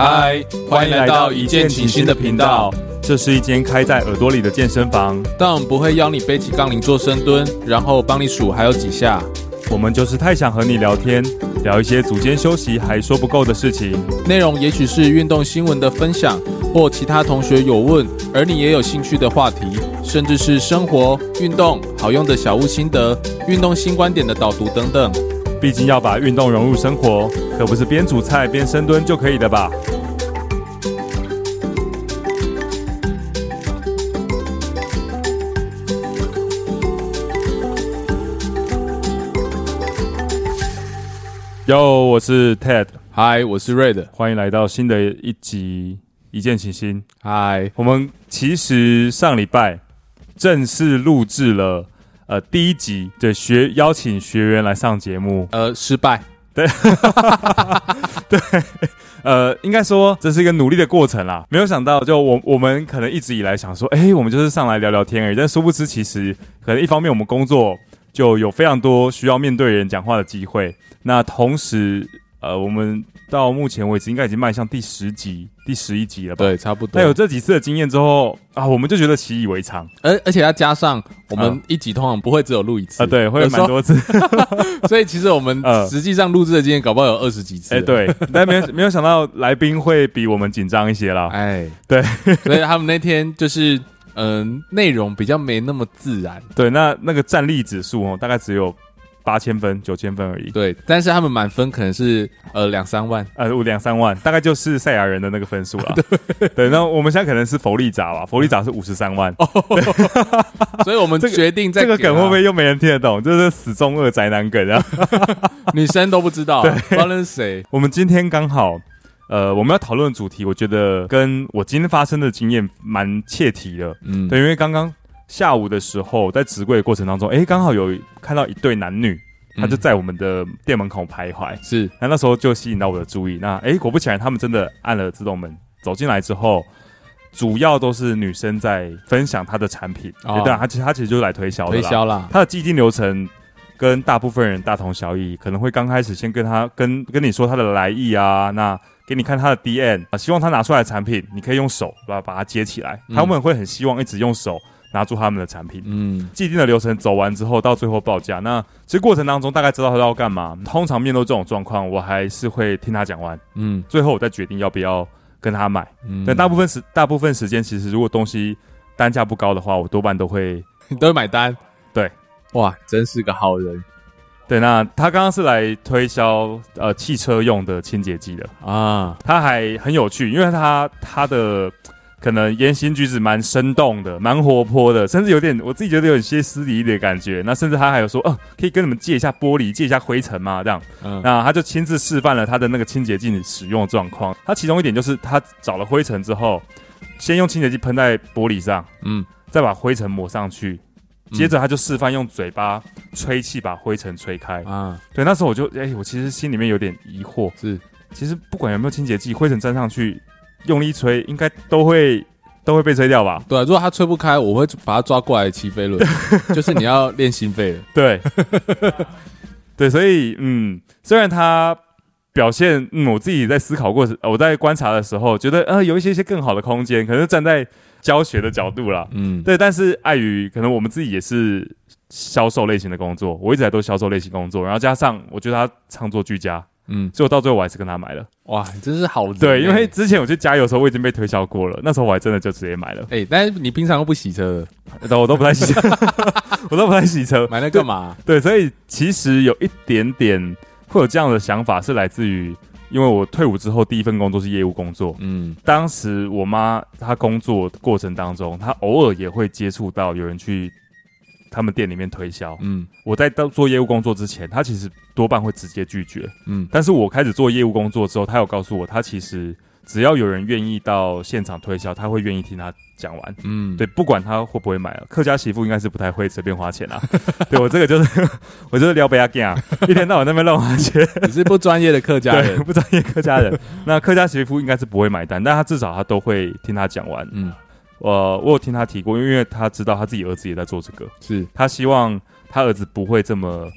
嗨，Hi, 歡迎來到一鍵傾心的頻道。這是一間開在耳朵裡的健身房，但我們不會要你背起槓鈴做深蹲，然後幫你數還有幾下。我們就是太想和你聊天，聊一些組間休息還說不夠的事情。內容也許是運動新聞的分享，或其他同學有問而你也有興趣的話題，甚至是生活、運動好用的小物心得、運動新觀點的導讀等等。畢竟要把運動融入生活，可不是邊煮菜邊深蹲就可以的吧？Yo，我是 Ted，Hi，我是 Red，歡迎來到新的一集《一見傾心》。Hi，我們其實上禮拜正式錄製了。呃，第一集對學邀請學員來上節目，呃，失敗，對， 對，呃，應該說這是一個努力的過程啦。沒有想到，就我我們可能一直以來想說，哎，我們就是上來聊聊天而已。但殊不知，其實可能一方面我們工作就有非常多需要面對人講話的機會，那同時。呃，我們到目前為止應該已經邁向第十集、第十一集了吧？對，差不多。但有這幾次的經驗之後啊，我們就覺得習以為常。而而且他加上我們一集通常不會只有錄一次、嗯、啊，對，會有蠻多次。有說 所以其實我們實際上錄制的經驗搞不好有二十幾次。哎、欸，對，但沒沒有想到來賓會比我們緊張一些啦。哎唉，對，所以他們那天就是嗯，呃、內容比較沒那麼自然。對，那那個戰力指數哦，大概只有。八千分、九千分而已。對，但是他們滿分可能是呃兩三萬，呃，兩三萬、呃、萬，大概就是賽亞人的那個分數了。 對，對，那我們現在可能是佛利扎吧？佛利扎是五十三萬。 所以，我們決定在、啊這個、這個梗會不會又沒人聽得懂？就是死中二宅男梗啊， 女生都不知道，不知道那對是誰？我們今天剛好，呃，我們要討論的主題，我覺得跟我今天發生的經驗蠻切題的。嗯，對，因為剛剛。下午的時候，在直櫃的過程當中，哎、欸，剛好有看到一對男女，他就在我們的店門口徘徊。是、嗯，那那時候就吸引到我的注意。那，哎、欸，果不其然，他們真的按了自動門走進來之後，主要都是女生在分享她的產品。對啊、哦欸，他其實他其實就是來推銷，推銷了。他的基金流程跟大部分人大同小異，可能會剛開始先跟他跟跟你說他的來意啊，那給你看他的 DM 啊，希望他拿出來的產品，你可以用手把把它接起來。嗯、他們會很希望一直用手。拿住他們的產品，嗯，既定的流程走完之後，到最後報價，那其實過程當中大概知道他要幹嘛。通常面對這種狀況，我還是會聽他講完，嗯，最後我再決定要不要跟他買。嗯，但大部分時大部分時間，其實如果東西單價不高的話，我多半都會都會買單。對，哇，真是個好人。對，那他剛剛是來推銷呃汽車用的清潔劑的啊，他還很有趣，因為他他的。可能言行舉止蠻生動的，蠻活潑的，甚至有點我自己覺得有點歇斯底里一點的感覺。那甚至他還有說：“哦、呃，可以跟你們借一下玻璃，借一下灰塵嗎？”這樣。嗯。那他就親自示範了他的那個清潔劑的使用狀況。他其中一點就是，他找了灰塵之後，先用清潔劑噴在玻璃上，嗯，再把灰塵抹上去，接着他就示範用嘴巴吹氣把灰塵吹開。啊、嗯，對，那時候我就，哎、欸，我其實心裡面有點疑惑，是，其實不管有沒有清潔劑，灰塵沾上去。用力吹，應該都會都會被吹掉吧？對，如果他吹不開，我會把他抓過來騎飛輪， 就是你要練心肺的。對， 對，所以嗯，雖然他表現，嗯，我自己在思考過，我在觀察的時候，覺得呃，有一些些更好的空間，可能站在教學的角度啦，嗯，對，但是礙於可能我們自己也是銷售類型的工作，我一直在做銷售類型工作，然後加上我覺得他唱作俱佳。嗯，所以我到最後我還是跟他買了。哇，真是好。欸，對，因為之前我去加油的時候，我已經被推銷過了，那時候我還真的就直接買了。哎、欸，但是你平常都不洗車， 我都不太洗車，我都不太洗車，買那幹嘛？對，所以其實有一點點會有這樣的想法，是來自於，因為我退伍之後第一份工作是業務工作，嗯，當時我媽她工作過程當中，她偶爾也會接觸到有人去。他們店裡面推銷，嗯，我在做業務工作之前，他其實多半會直接拒絕，嗯。但是我開始做業務工作之後，他有告訴我，他其實只要有人願意到現場推銷，他會願意聽他講完，嗯。對，不管他會不會買，客家媳婦應該是不太會隨便花錢啊。 對我這個就是， 我就是聊不雅勁啊，一天到晚那邊亂花錢，你 是不專業的客家人，不專業客家人。 那客家媳婦應該是不會買單，但他至少他都會聽他講完，嗯。我、呃、我有聽他提過，因為因為他知道他自己兒子也在做這個，是他希望他兒子不會這麼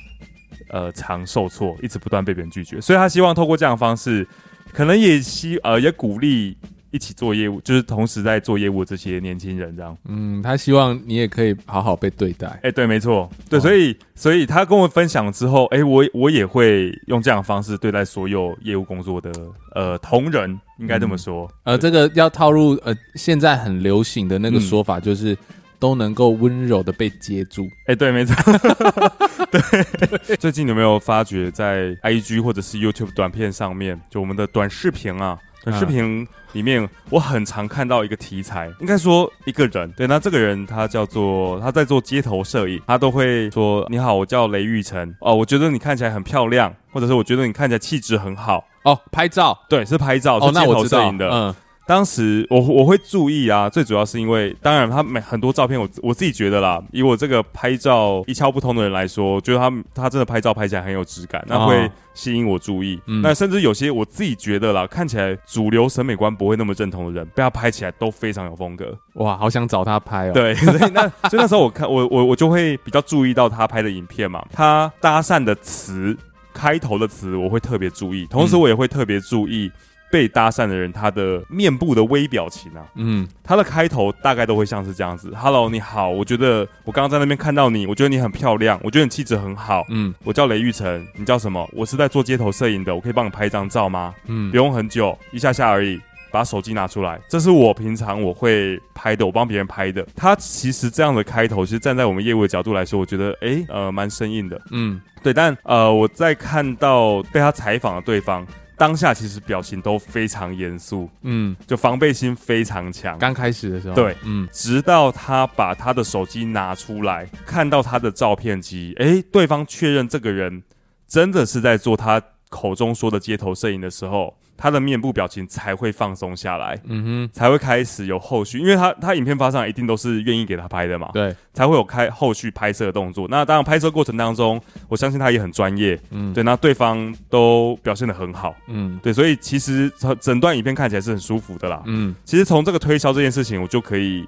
呃常受挫，一直不斷被別人拒絕，所以他希望透過這樣的方式，可能也希呃也鼓勵。一起做業務，就是同時在做業務這些年輕人這樣。嗯，他希望你也可以好好被對待。哎、欸，對，沒錯，對，哦、所以，所以他跟我分享了之後，哎、欸，我我也會用這樣的方式對待所有業務工作的呃同仁，應該這麼說。嗯、對呃，這個要套入呃現在很流行的那個說法，就是、嗯、都能夠溫柔的被接住。哎、欸，對，沒錯。 對，對最近有沒有發覺在 IG 或者是 YouTube 短片上面，就我們的短視頻啊？短、嗯、視頻裡面，我很常看到一個題材，應該說一個人。對，那這個人他叫做他在做街頭攝影，他都會說：“你好，我叫雷玉成哦，我覺得你看起來很漂亮，或者是我覺得你看起來氣質很好哦。”拍照，對，是拍照，哦、是街頭攝影的，嗯。當時我我會注意啊，最主要是因為，當然他每很多照片我，我我自己覺得啦，以我這個拍照一竅不通的人來說，覺得他他真的拍照拍起來很有質感，那會吸引我注意。哦嗯、那甚至有些我自己覺得啦，看起來主流審美觀不會那麼認同的人，被他拍起來都非常有風格。哇，好想找他拍哦、啊。對，所以那就 那時候我看我我我就會比較注意到他拍的影片嘛，他搭訕的詞，開頭的詞我會特別注意，同時我也會特別注意。嗯被搭訕的人，他的面部的微表情啊，嗯，他的開頭大概都會像是這樣子。Hello，你好，我覺得我剛剛在那邊看到你，我覺得你很漂亮，我覺得你氣質很好，嗯，我叫雷玉成，你叫什麼？我是在做街頭攝影的，我可以幫你拍一張照嗎？嗯，不用很久，一下下而已，把手機拿出來，這是我平常我會拍的，我幫別人拍的。他其實這樣的開頭，其實站在我們業務的角度來說，我覺得，誒、欸，呃，蠻生硬的，嗯，對，但呃，我在看到被他採訪的對方。當下其實表情都非常嚴肅，嗯，就防備心非常強。剛開始的時候，對，嗯，直到他把他的手機拿出來，看到他的照片集，哎、欸，對方確認這個人真的是在做他口中說的街頭攝影的時候。他的面部表情才會放鬆下來，嗯哼，才會開始有後續，因為他他影片發上來一定都是願意給他拍的嘛，對，才會有開後續拍攝的動作。那當然拍攝過程當中，我相信他也很專業，嗯，對，那對方都表現得很好，嗯，對，所以其實整段影片看起來是很舒服的啦，嗯，其實從這個推銷這件事情，我就可以，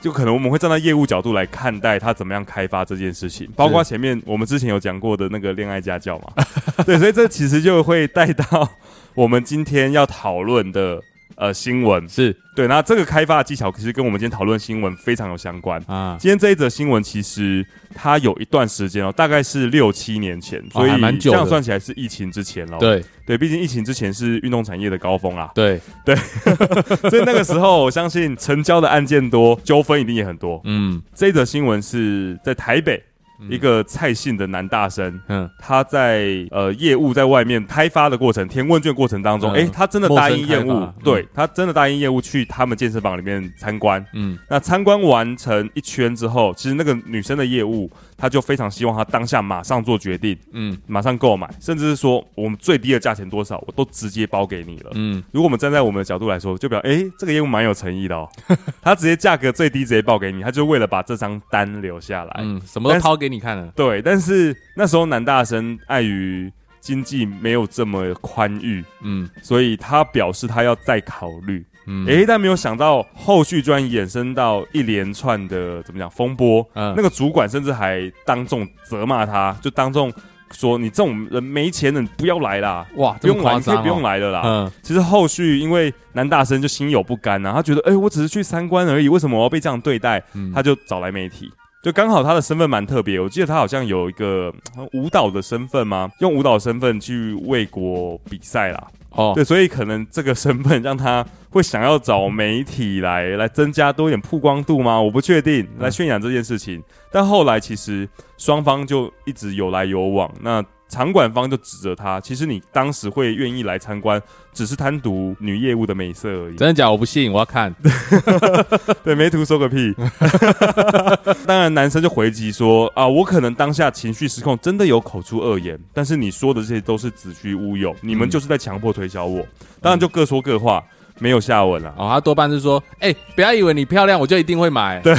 就可能我們會站在業務角度來看待他怎麼樣開發這件事情，包括前面我們之前有講過的那個戀愛家教嘛，是對，所以這其實就會帶到。 我們今天要討論的呃新聞是對，那這個開發的技巧其實跟我們今天討論新聞非常有相關啊。今天這一則新聞其實它有一段時間哦、喔，大概是六七年前，啊，還蠻久的。所以這樣算起來是疫情之前哦、喔，對、啊、對，畢竟疫情之前是運動產業的高峰啊。對對，對 所以那個時候我相信成交的案件多，糾紛一定也很多。嗯，這則新聞是在台北。一個蔡姓的男大生，他、嗯、在呃業務在外面開發的過程，填問卷過程當中，哎、嗯，他、欸、真的答應業務，嗯、對他真的答應業務去他們健身房裡面參觀。嗯，那參觀完成一圈之後，其實那個女生的業務，他就非常希望他當下馬上做決定，嗯，馬上購買，甚至是說我們最低的價錢多少，我都直接包給你了。嗯，如果我們站在我們的角度來說，就表哎、欸，這個業務蠻有誠意的哦，他 直接價格最低直接報給你，他就為了把這張單留下來，嗯，什麼都掏給你。你看了？對，但是那時候男大生礙於經濟沒有這麼寬裕，嗯，所以他表示他要再考慮。哎、嗯，但沒有想到後續居然衍生到一連串的怎麼講風波，嗯、那個主管甚至還當眾責罵他，就當眾說：“你這種人沒錢的你不要來啦，哇，這哦、不用來你可以不用來的啦。”嗯，其實後續因為男大生就心有不甘吶、啊，他覺得：“哎，我只是去參觀而已，為什麼我要被這樣對待？”嗯、他就找來媒體。就剛好他的身份蠻特別，我記得他好像有一個舞蹈的身份嗎？用舞蹈的身份去為國比賽啦。哦，對，所以可能這個身份讓他會想要找媒體來來增加多一點曝光度嗎？我不確定，來宣揚這件事情。嗯，但後來其實雙方就一直有來有往，那。場館方就指責他，其實你當時會願意來參觀，只是貪圖女業務的美色而已。真的假的？我不信，我要看。 對，沒圖說個屁。 當然，男生就回擊說：“啊，我可能當下情緒失控，真的有口出惡言。但是你說的這些都是子虛烏有，你們就是在強迫推銷我。嗯”當然，就各說各話，沒有下文了、啊。哦，他多半是說：“哎、欸，不要以為你漂亮，我就一定會買。”對，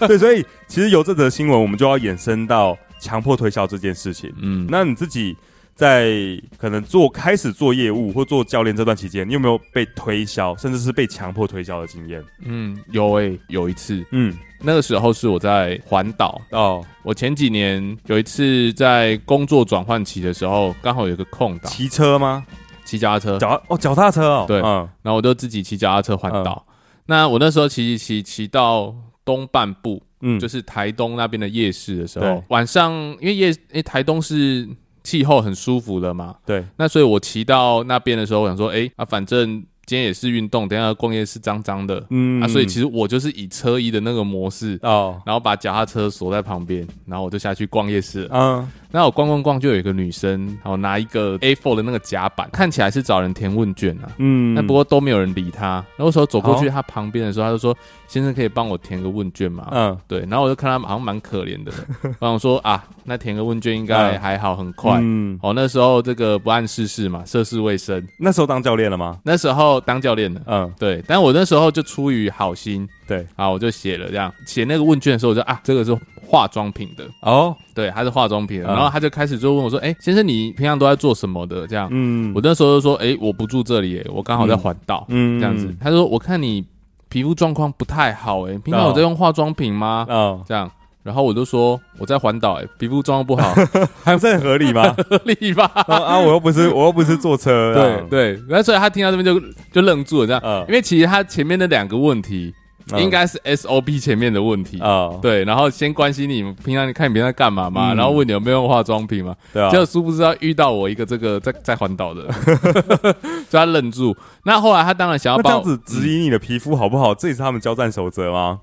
對，所以其實有這則新聞，我們就要衍生到，強迫推銷這件事情，嗯，那你自己在可能做開始做業務或做教練這段期間，你有沒有被推銷，甚至是被強迫推銷的經驗？嗯，有哎、欸，有一次，嗯，那個時候是我在環島哦，我前幾年有一次在工作轉換期的時候，剛好有個空檔，騎車嗎？騎腳踏車，腳哦，腳踏車哦，對，嗯，然後我就自己騎腳踏車環島，嗯、那我那時候騎騎騎到東半部。嗯，就是台東那邊的夜市的時候，對，晚上，因為夜，因為台東是氣候很舒服的嘛，對，那所以我騎到那邊的時候，我想說，哎、欸、啊，反正。今天也是運動，等下逛夜市髒髒的，嗯，啊，所以其實我就是以車衣的那個模式哦，然後把腳踏車鎖在旁邊，然後我就下去逛夜市了，嗯，那我逛逛逛就有一個女生，然後拿一個 A4 的那個夾板，看起來是找人填問卷啊，嗯，那不過都沒有人理她，那時候走過去她旁邊的時候，她就說、哦、先生可以幫我填個問卷嗎？嗯，對，然後我就看她好像蠻可憐的，嗯、然後我說啊，那填個問卷應該還好很快，嗯。哦，那時候這個不諳世事嘛，涉世未深，那時候當教練了嗎？那時候。當教練的，嗯，對，但我那時候就出於好心，對，啊，我就寫了這樣，寫那個問卷的時候，我就啊，這個是化妝品的，哦，對，還是化妝品，然後他就開始就問我說，哎、嗯、欸，先生，你平常都在做什麼的？這樣，嗯，我那時候就說，哎、欸，我不住這裡，我剛好在環島，嗯，這樣子，他就說，我看你皮膚狀況不太好，哎，平常有在用化妝品嗎？嗯，哦、這樣。然後我就說我在環島，哎，皮膚狀況不好，還不是很合理嗎？合理吧？啊，我又不是，我又不是坐車。對對，然後所以他聽到這邊就就愣住了，這樣，因為其實他前面的兩個問題應該是 SOP 前面的問題啊，對，然後先關心你平常你看你在幹嘛嘛，然後問你有沒有用化妝品嘛，對啊，結果殊不知道遇到我一個這個在在環島的，就他愣住。那後來他當然想要抱，這樣子質疑你的皮膚好不好？這也是他們交戰守則嗎？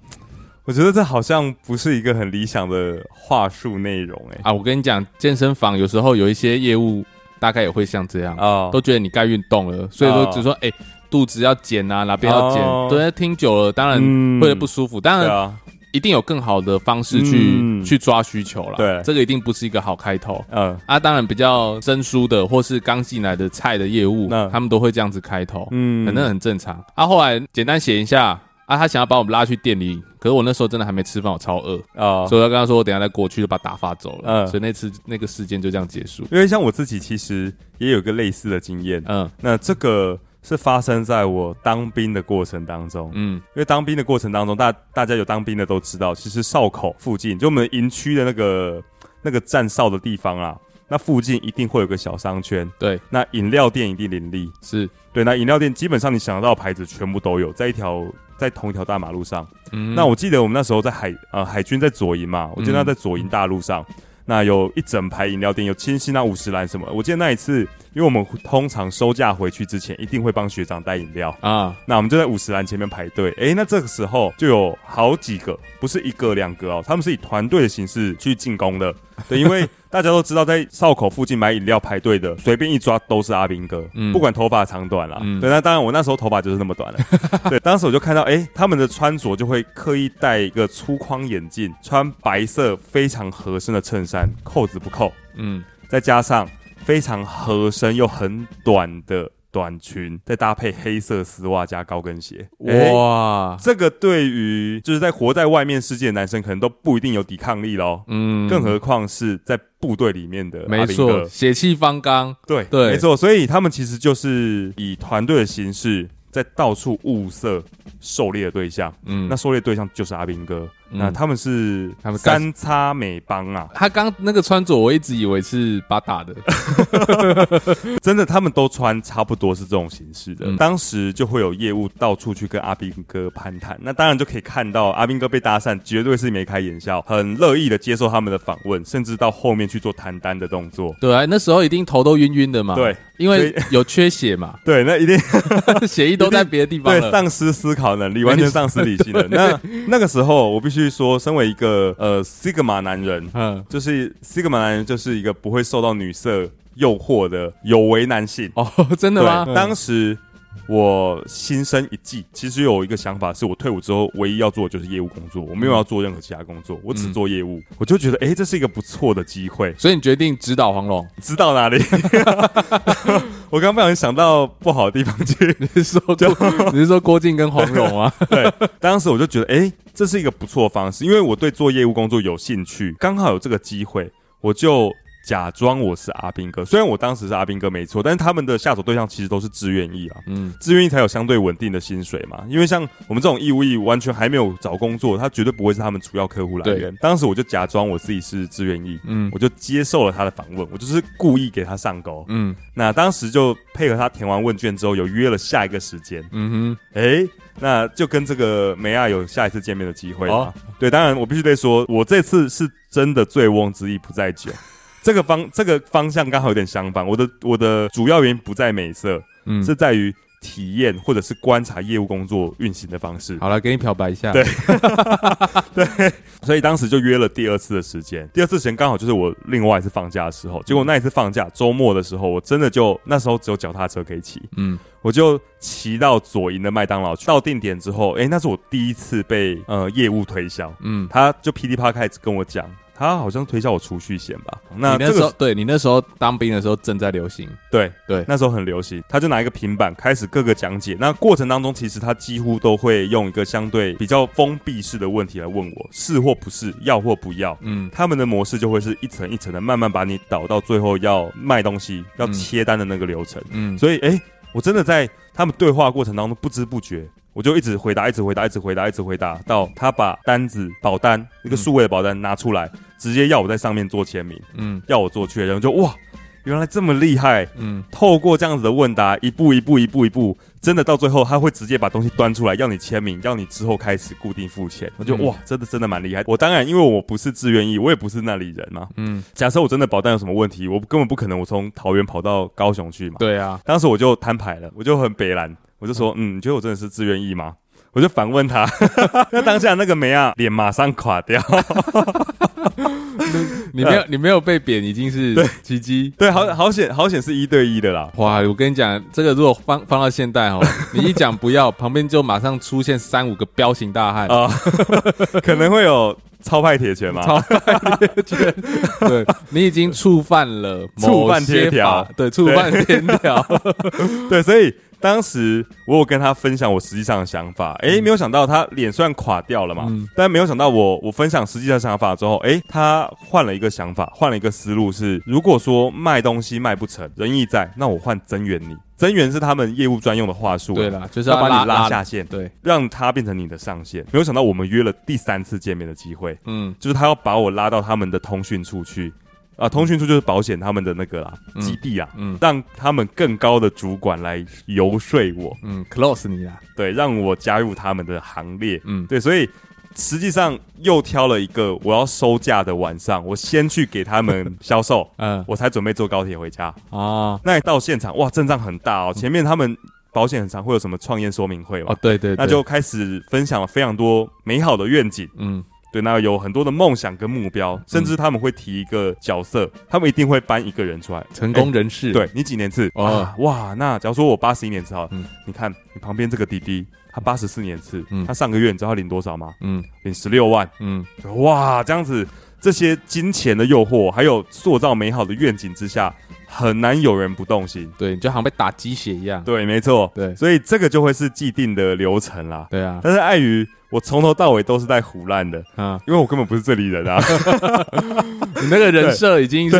我覺得這好像不是一個很理想的話術內容哎啊！我跟你講，健身房有時候有一些業務，大概也會像這樣都覺得你該運動了，所以說只說哎，肚子要減啊，哪邊要減？對，聽久了當然會不舒服，當然一定有更好的方式去去抓需求了。對，這個一定不是一個好開頭。嗯啊，當然比較生疏的或是剛進來的菜的業務，他們都會這樣子開頭，嗯，可能很正常。啊，後來簡單寫一下。啊，他想要把我們拉去店裡，可是我那時候真的還沒吃飯，我超餓啊，哦、所以他跟他說，我等下再過去就把他打發走了。嗯，所以那次那個事件就這樣結束。因為像我自己其實也有一個類似的經驗，嗯，那這個是發生在我當兵的過程當中，嗯，因為當兵的過程當中，大大家有當兵的都知道，其實哨口附近就我們營區的那個那個站哨的地方啊，那附近一定會有個小商圈，對，那飲料店一定林立，是對，那飲料店基本上你想得到的牌子全部都有，在一條。在同一條大馬路上，嗯、那我記得我們那時候在海呃海軍在左營嘛，我記得他在左營大路上，嗯、那有一整排飲料店，有清心啊、五十嵐什麼，我記得那一次。因為我們通常收假回去之前，一定會幫學長帶飲料啊。Uh. 那我們就在50嵐前面排隊。哎、欸，那這個時候就有好幾個，不是一個兩個哦，他們是以團隊的形式去進攻的。 對，因為大家都知道，在哨口附近買飲料排隊的，隨便一抓都是阿兵哥，嗯、不管頭髮長短啦。嗯、對，那當然我那時候頭髮就是那麼短了。 對，當時我就看到，哎、欸，他們的穿着就會刻意戴一個粗框眼鏡，穿白色非常合身的襯衫，扣子不扣。嗯，再加上。非常合身又很短的短裙，再搭配黑色絲襪加高跟鞋，欸、哇！這個對於就是在活在外面世界的男生可能都不一定有抵抗力咯。嗯，更何況是在部隊裡面的阿兵哥血氣方剛，對對，對沒錯。所以他們其實就是以團隊的形式在到處物色狩獵的對象。嗯，那狩獵對象就是阿兵哥。嗯、那他們是他們三叉美邦啊，他剛那個穿着我一直以為是八打的， 真的他們都穿差不多是這種形式的。嗯、當時就會有業務到處去跟阿兵哥攀談，那當然就可以看到阿兵哥被搭訕，絕對是眉開眼笑，很樂意的接受他們的訪問，甚至到後面去做談單的動作。對、啊、那時候一定頭都暈暈的嘛，對，因為有缺血嘛，對，那一定 血液都在別的地方，對，喪失思考能力，完全喪失理性的。 對那那個時候我必須。據說，身為一個呃，西格瑪男人，嗯，就是西格瑪男人，就是一個不會受到女色誘惑的有為男性。哦，真的嗎？對嗯，當時。我心生一計，其實有一個想法是，是我退伍之後唯一要做的就是業務工作，我沒有要做任何其他工作，我只做業務，嗯、我就覺得，哎、欸，這是一個不錯的機會，所以你決定指導黃蓉，指導哪裡？ 我剛不小心想到不好的地方去，你是說就你是說郭靖跟黃蓉啊？ 對，當時我就覺得，哎、欸，這是一個不錯的方式，因為我對做業務工作有興趣，剛好有這個機會，我就。假裝我是阿兵哥，雖然我當時是阿兵哥沒錯，但是他們的下手對象其實都是志願役啊，嗯，志願役才有相對穩定的薪水嘛，因為像我們這種義務役完全還沒有找工作，他絕對不會是他們主要客戶來源。對當時我就假裝我自己是志願役，嗯，我就接受了他的訪問，我就是故意給他上鈎，嗯，那當時就配合他填完問卷之後，有約了下一個時間，嗯哼，哎、欸，那就跟這個梅亞有下一次見面的機會啦。哦、對，當然我必須得說，我這次是真的醉翁之意不在酒。這個方這個方向剛好有點相反，我的我的主要原因不在美色，嗯，是在於體驗或者是觀察業務工作運行的方式。好了，給你漂白一下，對， 對，所以當時就約了第二次的時間。第二次時間剛好就是我另外一次放假的時候，結果那一次放假周末的時候，我真的就那時候只有腳踏車可以騎，嗯，我就騎到左營的麥當勞去，到定點之後，哎，那是我第一次被呃業務推銷，嗯，他就噼里啪啦開始跟我講。他好像推銷我儲蓄險吧？那你那時候，這個、對你那時候當兵的時候正在流行，對對，對那時候很流行。他就拿一個平板開始各個講解，那過程當中其實他幾乎都會用一個相對比較封閉式的問題來問我，是或不是，要或不要。嗯，他們的模式就會是一層一層的慢慢把你導到最後要賣東西、要切單的那個流程。嗯，嗯所以哎、欸，我真的在他們對話過程當中不知不覺。我就一直回答，一直回答，一直回答，一直回答，到他把單子、保單、那、嗯、個數位的保單拿出來，直接要我在上面做簽名。嗯，要我做確認。我就哇，原來這麼厲害。嗯，透過這樣子的問答，一步一步，一步一步，真的到最後他會直接把東西端出來，要你簽名，要你之後開始固定付錢。嗯、我就哇，真的真的蠻厲害。我當然因為我不是自願意，我也不是那裡人嘛。嗯，假設我真的保單有什麼問題，我根本不可能我從桃園跑到高雄去嘛。對啊，當時我就攤牌了，我就很北藍。我就說，嗯，你覺得我真的是自願意嗎？我就反問他， 那當下那個妹啊，臉馬上垮掉。 你，你沒有，呃、你沒有被扁，已經是奇奇對基對，好好險，好險是一對一的啦。哇，我跟你講，這個如果放放到現代哦、喔，你一講不要， 旁邊就馬上出現三五個彪形大漢啊、呃，可能會有超派鐵拳嘛？ 超派鐵拳，對，你已經觸犯了觸犯天條，對，觸犯天條， 對，所以。當時我有跟他分享我實際上的想法，誒，沒有想到他臉雖然垮掉了嘛，嗯、但沒有想到我我分享實際的想法之後，誒，他換了一個想法，換了一個思路是，是如果說賣東西賣不成，仁義在，那我換增員你，增員是他們業務專用的話術，對了，就是要，要把你拉下線，對，讓他變成你的上線。沒有想到我們約了第三次見面的機會，嗯，就是他要把我拉到他們的通訊處去。啊，通訊處就是保險他們的那個啊、嗯、基地啊，嗯、讓他們更高的主管來遊說我，嗯，close 你啦，對，讓我加入他們的行列，嗯，對，所以實際上又挑了一個我要收假的晚上，我先去給他們銷售，嗯、 呃，我才準備坐高鐵回家啊。那一到現場哇，陣仗很大哦，嗯、前面他們保險很常，會有什麼創業說明會嘛？哦，對對，對，對，那就開始分享了非常多美好的願景，嗯。對，那有很多的夢想跟目標，甚至他們會提一個角色，他們一定會搬一個人出來，成功人士。對，你幾年次？啊哇！那假如說我八十一年次哈，嗯，你看你旁邊這個弟弟，他八十四年次，嗯，他上個月你知道他領多少嗎？嗯，領十六萬，嗯，哇，這樣子這些金錢的誘惑，還有塑造美好的願景之下，很難有人不動心。對，你就好像被打雞血一樣。對，沒錯。對，所以這個就會是既定的流程啦。對啊，但是礙於。我從頭到尾都是在唬爛的，啊，因為我根本不是這裡人啊。哈哈哈。你那個人設已經是，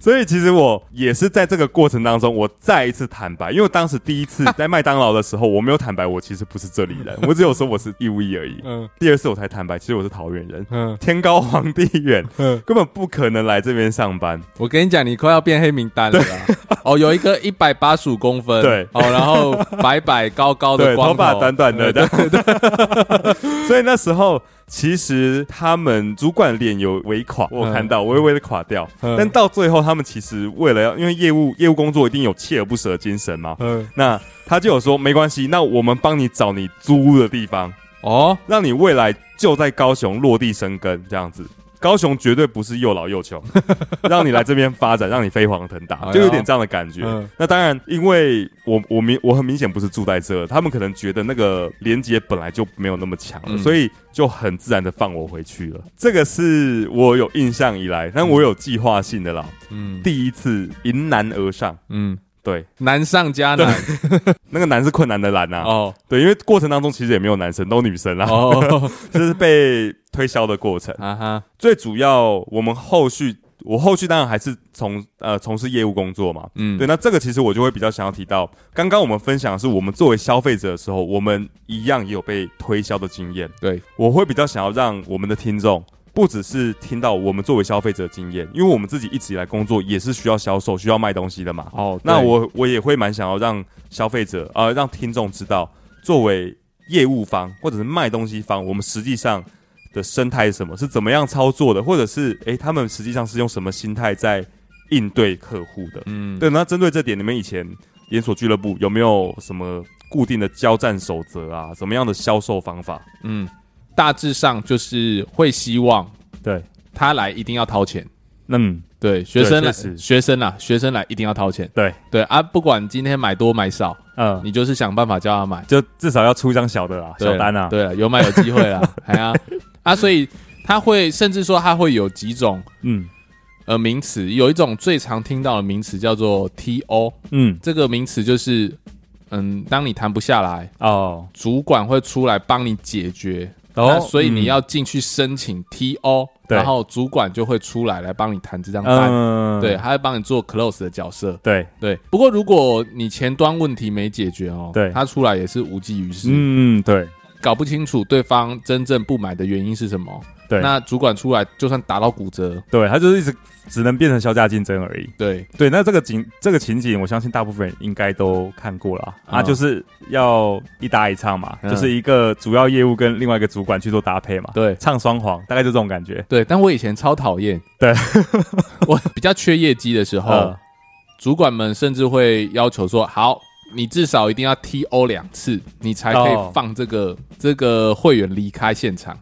所以其實我也是在這個過程當中，我再一次坦白，因為當時第一次在麥當勞的時候，我沒有坦白，我其實不是這裡人，我只有說我是義烏人而已。嗯，第二次我才坦白，其實我是桃園人。嗯，天高皇帝遠，嗯，根本不可能來這邊上班。 我跟你講，你快要變黑名單了啦。對 哦，有一個一百八十五公分，對，哦，然後白白高高的，對，頭髮短短的，對，對，所以那時候。其實他們主管臉有微垮，我有看到、嗯、我微微的垮掉，嗯、但到最後他們其實為了要，因為業務業務工作一定有鍥而不捨的精神嘛。嗯、那他就有說沒關係，那我們幫你找你租的地方哦，讓你未來就在高雄落地生根這樣子。高雄絕對不是又老又窮， 讓你來這邊發展， 讓你飛黃騰達，就有點這樣的感覺。哎、呦那當然，因為我我明我很明顯不是住在這，他們可能覺得那個連結本來就沒有那麼強，嗯、所以就很自然的放我回去了。這個是我有印象以來，但我有計劃性的啦，嗯、第一次迎難而上，嗯。對，難上加難。對， 那個難是困難的難吶。哦，對，因為過程當中其實也沒有男生，都女生啦、啊。哦，哦，這 是被推銷的過程啊哈。最主要，我們後續，我後續當然還是從呃從事業務工作嘛。嗯，對，那這個其實我就會比較想要提到，剛剛我們分享的是我們作為消費者的時候，我們一樣也有被推銷的經驗。對，我會比較想要讓我們的聽眾。不只是聽到我們作為消費者的經驗，因為我們自己一直以來工作也是需要銷售、需要賣東西的嘛。哦，那我我也會蠻想要讓消費者啊、呃，讓聽眾知道，作為業務方或者是賣東西方，我們實際上的生態是什麼，是怎麼樣操作的，或者是哎、欸，他們實際上是用什麼心態在應對客戶的？嗯，對。那針對這點，你們以前連鎖俱樂部有沒有什麼固定的交戰守則啊？怎麼樣的銷售方法？嗯。大致上就是會希望對他來一定要掏錢，嗯，對學生學生啊，學生來一定要掏錢，對對啊，不管今天買多買少，嗯，你就是想辦法叫他買，就至少要出一張小的啊，小單啊，對，有買有機會啊，係啊啊，所以他會甚至說他會有幾種，嗯，呃，名詞有一種最常聽到的名詞叫做 TO，嗯，這個名詞就是嗯，當你談不下來哦，主管會出來幫你解決。然後，哦、所以你要進去申請 TO、嗯、然後主管就會出來來幫你談這張單，嗯、對，還會幫你做 close 的角色，對對。不過如果你前端問題沒解決哦，對，他出來也是無濟於事，嗯，對，搞不清楚對方真正不買的原因是什麼。對，那主管出來就算打到骨折，對，他就是一直只能變成削價競爭而已。對，對，那這個景這個情景，我相信大部分人應該都看過了、嗯、啊，就是要一搭一唱嘛，嗯、就是一個主要業務跟另外一個主管去做搭配嘛。對、嗯，唱雙簧，大概就這種感覺。對，但我以前超討厭，對 我比較缺業績的時候，嗯、主管們甚至會要求說：“好，你至少一定要 TO 兩次，你才可以放這個、嗯、這個會員離開現場。”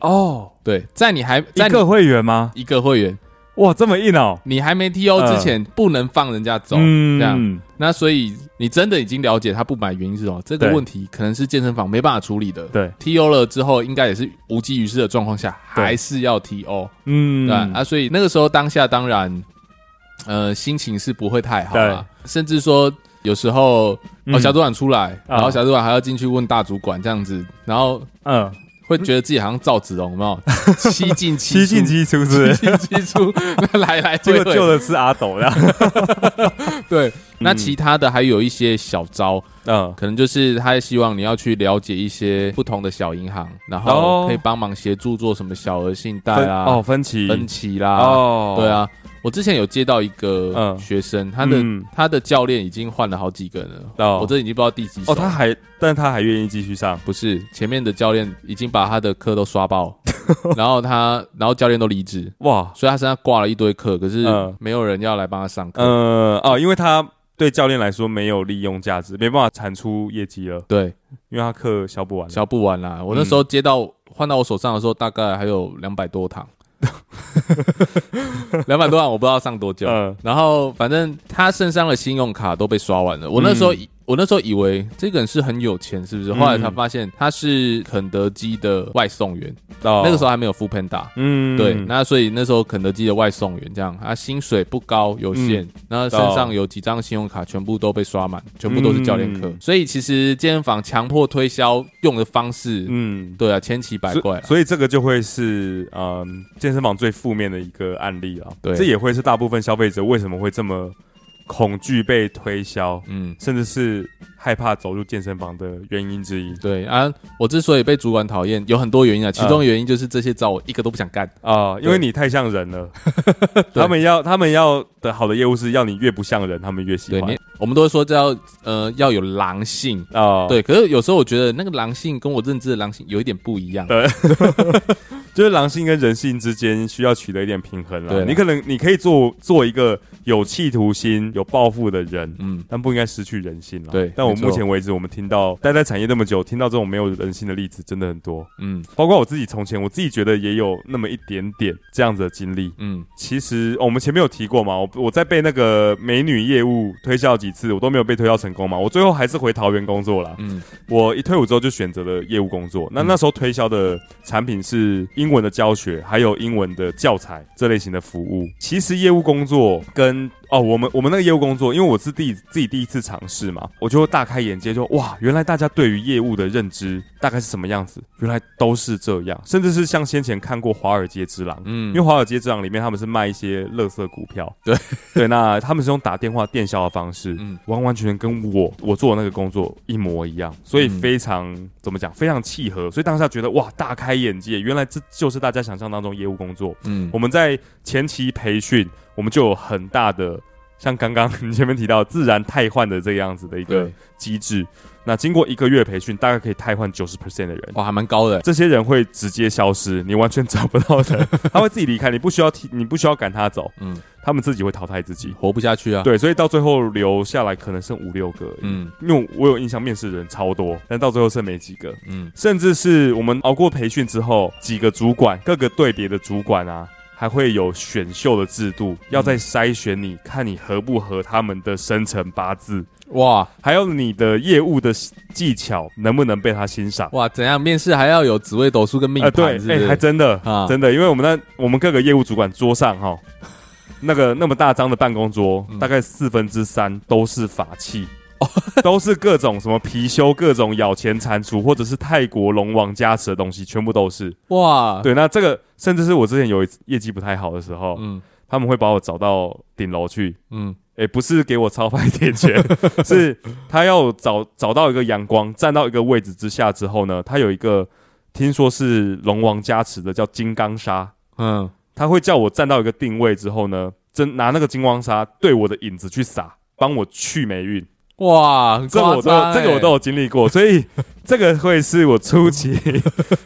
哦，對，在你還一個會員嗎？一個會員，哇，這麼硬哦！你還沒 T O 之前，不能放人家走，這樣。那所以你真的已經了解他不買原因是什麼？這個問題可能是健身房沒辦法處理的。對，T O 了之後，應該也是無濟於事的狀況下，還是要 T O，嗯，對啊。所以那個時候當下當然，呃，心情是不會太好了，甚至說有時候，哦，小主管出來，然後小主管還要進去問大主管這樣子，然後嗯。會覺得自己好像趙子龍，嗯、有沒有七進七出？ 七進七出是七進七出， 來來最後救的是阿斗樣，然 對。那其他的還有一些小招，嗯，可能就是他希望你要去了解一些不同的小銀行，然後可以幫忙協助做什麼小額信貸啊，哦，分期分期啦，哦，對啊。我之前有接到一個學生，嗯、他的、嗯、他的教練已經換了好幾個人了，哦、我這已經不知道第幾。哦，他還，但他還願意繼續上，不是？前面的教練已經把他的課都刷爆， 然後他，然後教練都離職，哇！所以他身上掛了一堆課，可是沒有人要來幫他上課。呃、嗯嗯，哦，因為他對教練來說沒有利用價值，沒辦法產出業績了。對，因為他課銷不完了，銷不完啦。我那時候接到、嗯、換到我手上的時候，大概還有兩百多堂。兩百 多萬，我不知道上多久。嗯，然後，反正他身上的信用卡都被刷完了。我那時候。嗯我那時候以為這個人是很有錢，是不是？嗯、後來才發現他是肯德基的外送員，到那個時候還沒有 f o o Panda。嗯，對。那所以那時候肯德基的外送員這樣，他薪水不高有限，嗯、然後身上有幾張信用卡全部都被刷滿，嗯、全部都是教練課。嗯、所以其實健身房強迫推銷用的方式，嗯，對啊，千奇百怪、啊，所。所以這個就會是嗯健身房最負面的一個案例啊。對，這也會是大部分消費者為什麼會這麼。恐懼被推銷，嗯，甚至是害怕走入健身房的原因之一。對啊，我之所以被主管討厭，有很多原因啊，其中原因就是這些招我一個都不想幹啊，呃、對因為你太像人了。 對他們要他們要的好的業務是要你越不像人，他們越喜歡。對，你我們都會說這要呃要有狼性啊，哦、對。可是有時候我覺得那個狼性跟我認知的狼性有一點不一樣。對 就是狼性跟人性之間需要取得一點平衡了。你可能你可以做做一個有企圖心、有抱負的人，嗯，但不應該失去人性了。對，但我目前為止，我們聽到待在產業那麼久，聽到這種沒有人性的例子真的很多，嗯，包括我自己從前，我自己覺得也有那麼一點點這樣子的經歷，嗯，其實喔，我們前面有提過嘛，我我在被那個美女業務推銷幾次，我都沒有被推銷成功嘛，我最後還是回桃園工作了，嗯，我一退伍之後就選擇了業務工作，那那時候推銷的產品是。英文的教學，還有英文的教材，這類型的服務，其實業務工作跟。哦，我們我們那個業務工作，因為我是第自己第一次嘗試嘛，我就會大開眼界就，就哇，原來大家對於業務的認知大概是什麼樣子？原來都是這樣，甚至是像先前看過《華爾街之狼》，嗯，因為《華爾街之狼》裡面他們是賣一些垃圾股票，對對，那他們是用打電話電銷的方式，嗯，完完全全跟我我做的那個工作一模一樣，所以非常、嗯、怎麼講，非常契合，所以當下覺得哇，大開眼界，原來這就是大家想象當中業務工作，嗯，我們在前期培訓。我們就有很大的，像剛剛你前面提到自然汰換的這個樣子的一個機製。對那經過一個月培訓，大概可以汰換九十 percent 的人，哇，還蠻高的。這些人會直接消失，你完全找不到的， 他會自己離開，你不需要提，你不需要趕他走，嗯，他們自己會淘汰自己，活不下去啊。對，所以到最後留下來可能剩五六個，嗯，因為我有印象面試的人超多，但到最後剩沒幾個，嗯，甚至是我們熬過培訓之後，幾個主管各個隊別的主管啊。還會有選秀的制度，要再篩選你，嗯、看你合不合他們的生辰八字哇，還有你的業務的技巧能不能被他欣賞哇？怎樣面試還要有紫微斗數跟命，呃、對哎、欸，還真的，啊、真的，因為我們那我們各個業務主管桌上哈， 那個那麼大張的辦公桌，嗯、大概四分之三都是法器。Oh、 都是各種什麼貔貅，各種咬錢蟾蜍，或者是泰國龍王加持的東西，全部都是哇！Wow 對，那這個甚至是我之前有一次業績不太好的時候，嗯，他們會把我找到頂樓去，嗯，哎、欸，不是給我超派點錢， 是他要找找到一個陽光，站到一個位置之下之後呢，他有一個聽說是龍王加持的叫金剛砂，嗯，他會叫我站到一個定位之後呢，真拿那個金剛砂對我的影子去撒，幫我去霉運。哇，欸、這個我都，這個我都有經歷過，所以。 這個會是我初期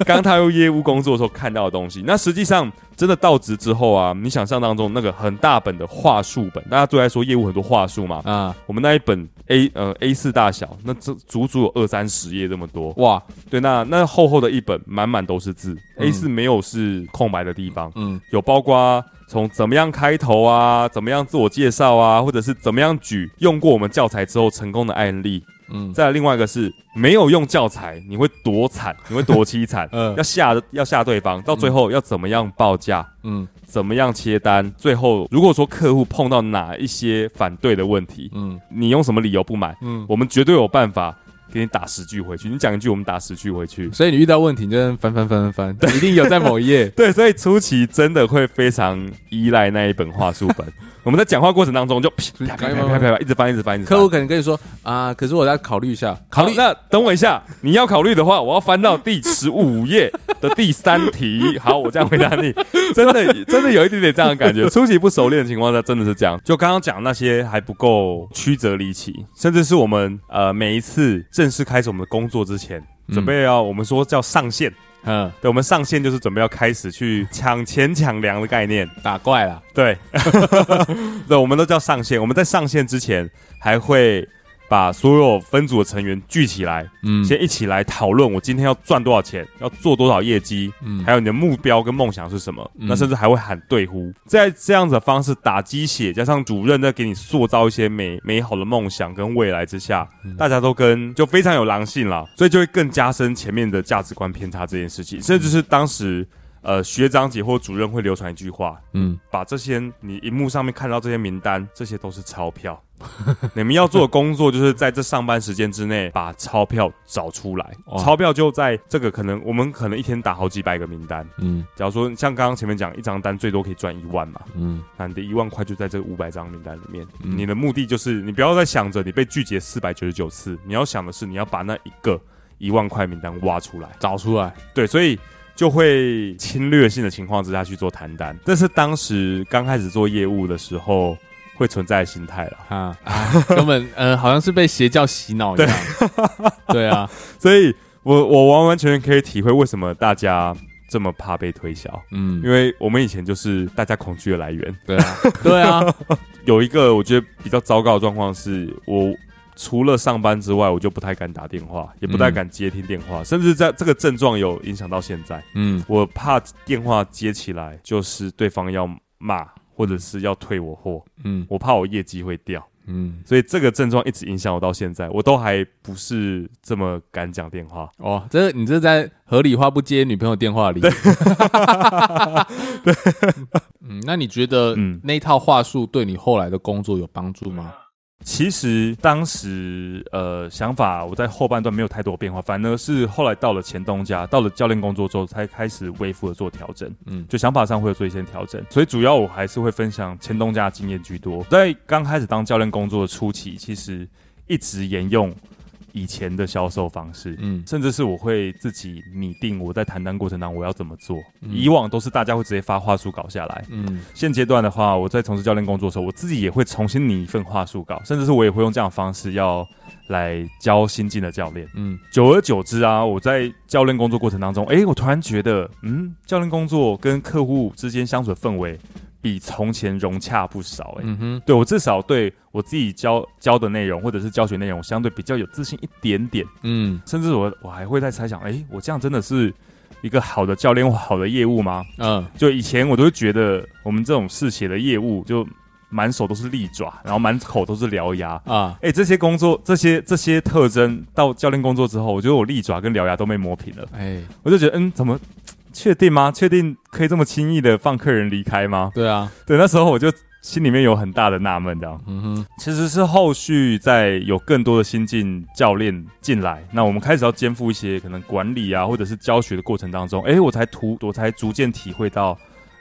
剛踏入業務工作的時候看到的東西。那實際上真的到職之後啊，你想象當中那個很大本的話術本，大家都在說業務很多話術嘛？啊，我們那一本 A 呃 A 四大小，那這足足有二三十頁這麼多哇！對，那那厚厚的一本，滿滿都是字，嗯，A 四沒有是空白的地方，嗯，有包括從怎麼樣開頭啊，怎麼樣自我介紹啊，或者是怎麼樣舉用過我們教材之後成功的案例。嗯，再來另外一個是沒有用教材，你會多慘，你會多淒慘。 嗯，要嚇要嚇對方，到最後要怎麼樣報價？嗯，怎麼樣切單？最後如果說客戶碰到哪一些反對的問題，嗯，你用什麼理由不買？嗯，我們絕對有辦法。給你打十句回去，你講一句，我們打十句回去。所以你遇到問題，就翻翻翻翻翻，對一定有在某一頁。對，所以初期真的會非常依賴那一本話術本。 我們在講話過程當中就，就啪啪啪啪，啪，啪，啪一直翻，一直翻，一直翻。客戶可能跟你說啊，可是我要考慮一下，考慮好好那等我一下。你要考慮的話，我要翻到第十五頁的第三題。 好，我這樣回答你，真的真的有一點點這樣的感覺。 初期不熟練的情況下，真的是這樣。就剛剛講那些還不夠曲折離奇，甚至是我們呃每一次。正式開始我們的工作之前，準備要、嗯、我們說叫上線，嗯，對，我們上線就是準備要開始去搶錢搶糧的概念，打怪了，對， 對，我們都叫上線。我們在上線之前還會，把所有分組的成員聚起來，嗯，先一起來討論我今天要賺多少錢，要做多少業績，嗯，還有你的目標跟夢想是什麼？嗯，那甚至還會喊隊呼，在這樣子的方式打雞血，加上主任在給你塑造一些美美好的夢想跟未來之下，嗯，大家都跟就非常有狼性了，所以就會更加深前面的價值觀偏差這件事情，甚至是當時呃學長姐或主任會流傳一句話，嗯，把這些你螢幕上面看到這些名單，這些都是鈔票。 你們要做的工作就是在這上班時間之內把鈔票找出來，哦、鈔票就在這個可能，我們可能一天打好幾百個名單。嗯，假如說像剛剛前面講，一張單最多可以賺一萬嘛。嗯，那你的一萬塊就在這個五百張名單裡面。嗯、你的目的就是，你不要再想着你被拒絕四百九十九次，你要想的是你要把那一個一萬塊名單挖出來、找出來。對，所以就會侵略性的情況之下去做談單。但是當時剛開始做業務的時候。會存在的心態了啊，啊，根本嗯、呃、好像是被邪教洗腦一樣。對， 對啊，所以我我完完全全可以體會為什麼大家這麼怕被推銷。嗯，因為我們以前就是大家恐懼的來源。對啊，對啊。 有一個我覺得比較糟糕的狀況是，我除了上班之外，我就不太敢打電話，也不太敢接聽電話，嗯、甚至在這個症狀有影響到現在。嗯，我怕電話接起來就是對方要罵。或者是要退我貨，嗯，我怕我業績會掉，嗯，所以這個症狀一直影響我到現在，我都還不是這麼敢講電話。哦，Oh，這你這在合理化不接女朋友電話裡，對，嗯，那你覺得，嗯，那套話術對你後來的工作有幫助嗎？其實當時呃想法，我在後半段沒有太多變化，反而是後來到了前東家，到了教練工作之後，才開始微幅的做調整。嗯，就想法上會有做一些調整，所以主要我還是會分享前東家的經驗居多。在剛開始當教練工作的初期，其實一直沿用。以前的銷售方式，嗯，甚至是我會自己擬定我在談單過程當中我要怎麼做。嗯、以往都是大家會直接發話術稿下來，嗯，現階段的話，我在從事教練工作的時候，我自己也會重新擬一份話術稿，甚至是我也會用這樣的方式要來教新進的教練，嗯，久而久之啊，我在教練工作過程當中，哎、欸，我突然覺得，嗯，教練工作跟客戶之間相處的氛圍。比從前融洽不少。哎、欸，嗯哼，對我至少對我自己教教的內容或者是教學內容相對比較有自信一點點，嗯，甚至我我還會在猜想，哎、欸，我這樣真的是一個好的教練、好的業務嗎？嗯，就以前我都會覺得我們這種嗜血的業務就滿手都是利爪，然後滿口都是獠牙啊，哎、嗯欸，這些工作這些這些特徵到教練工作之後，我覺得我利爪跟獠牙都被磨平了，哎、欸，我就覺得嗯、欸，怎麼？確定嗎？確定可以這麼輕易的放客人離開嗎？對啊，對，那時候我就心裡面有很大的納悶這樣。嗯哼，其實是後續在有更多的新進教練進來，那我們開始要肩負一些可能管理啊，或者是教學的過程當中，誒、欸，我才突我才逐漸體會到。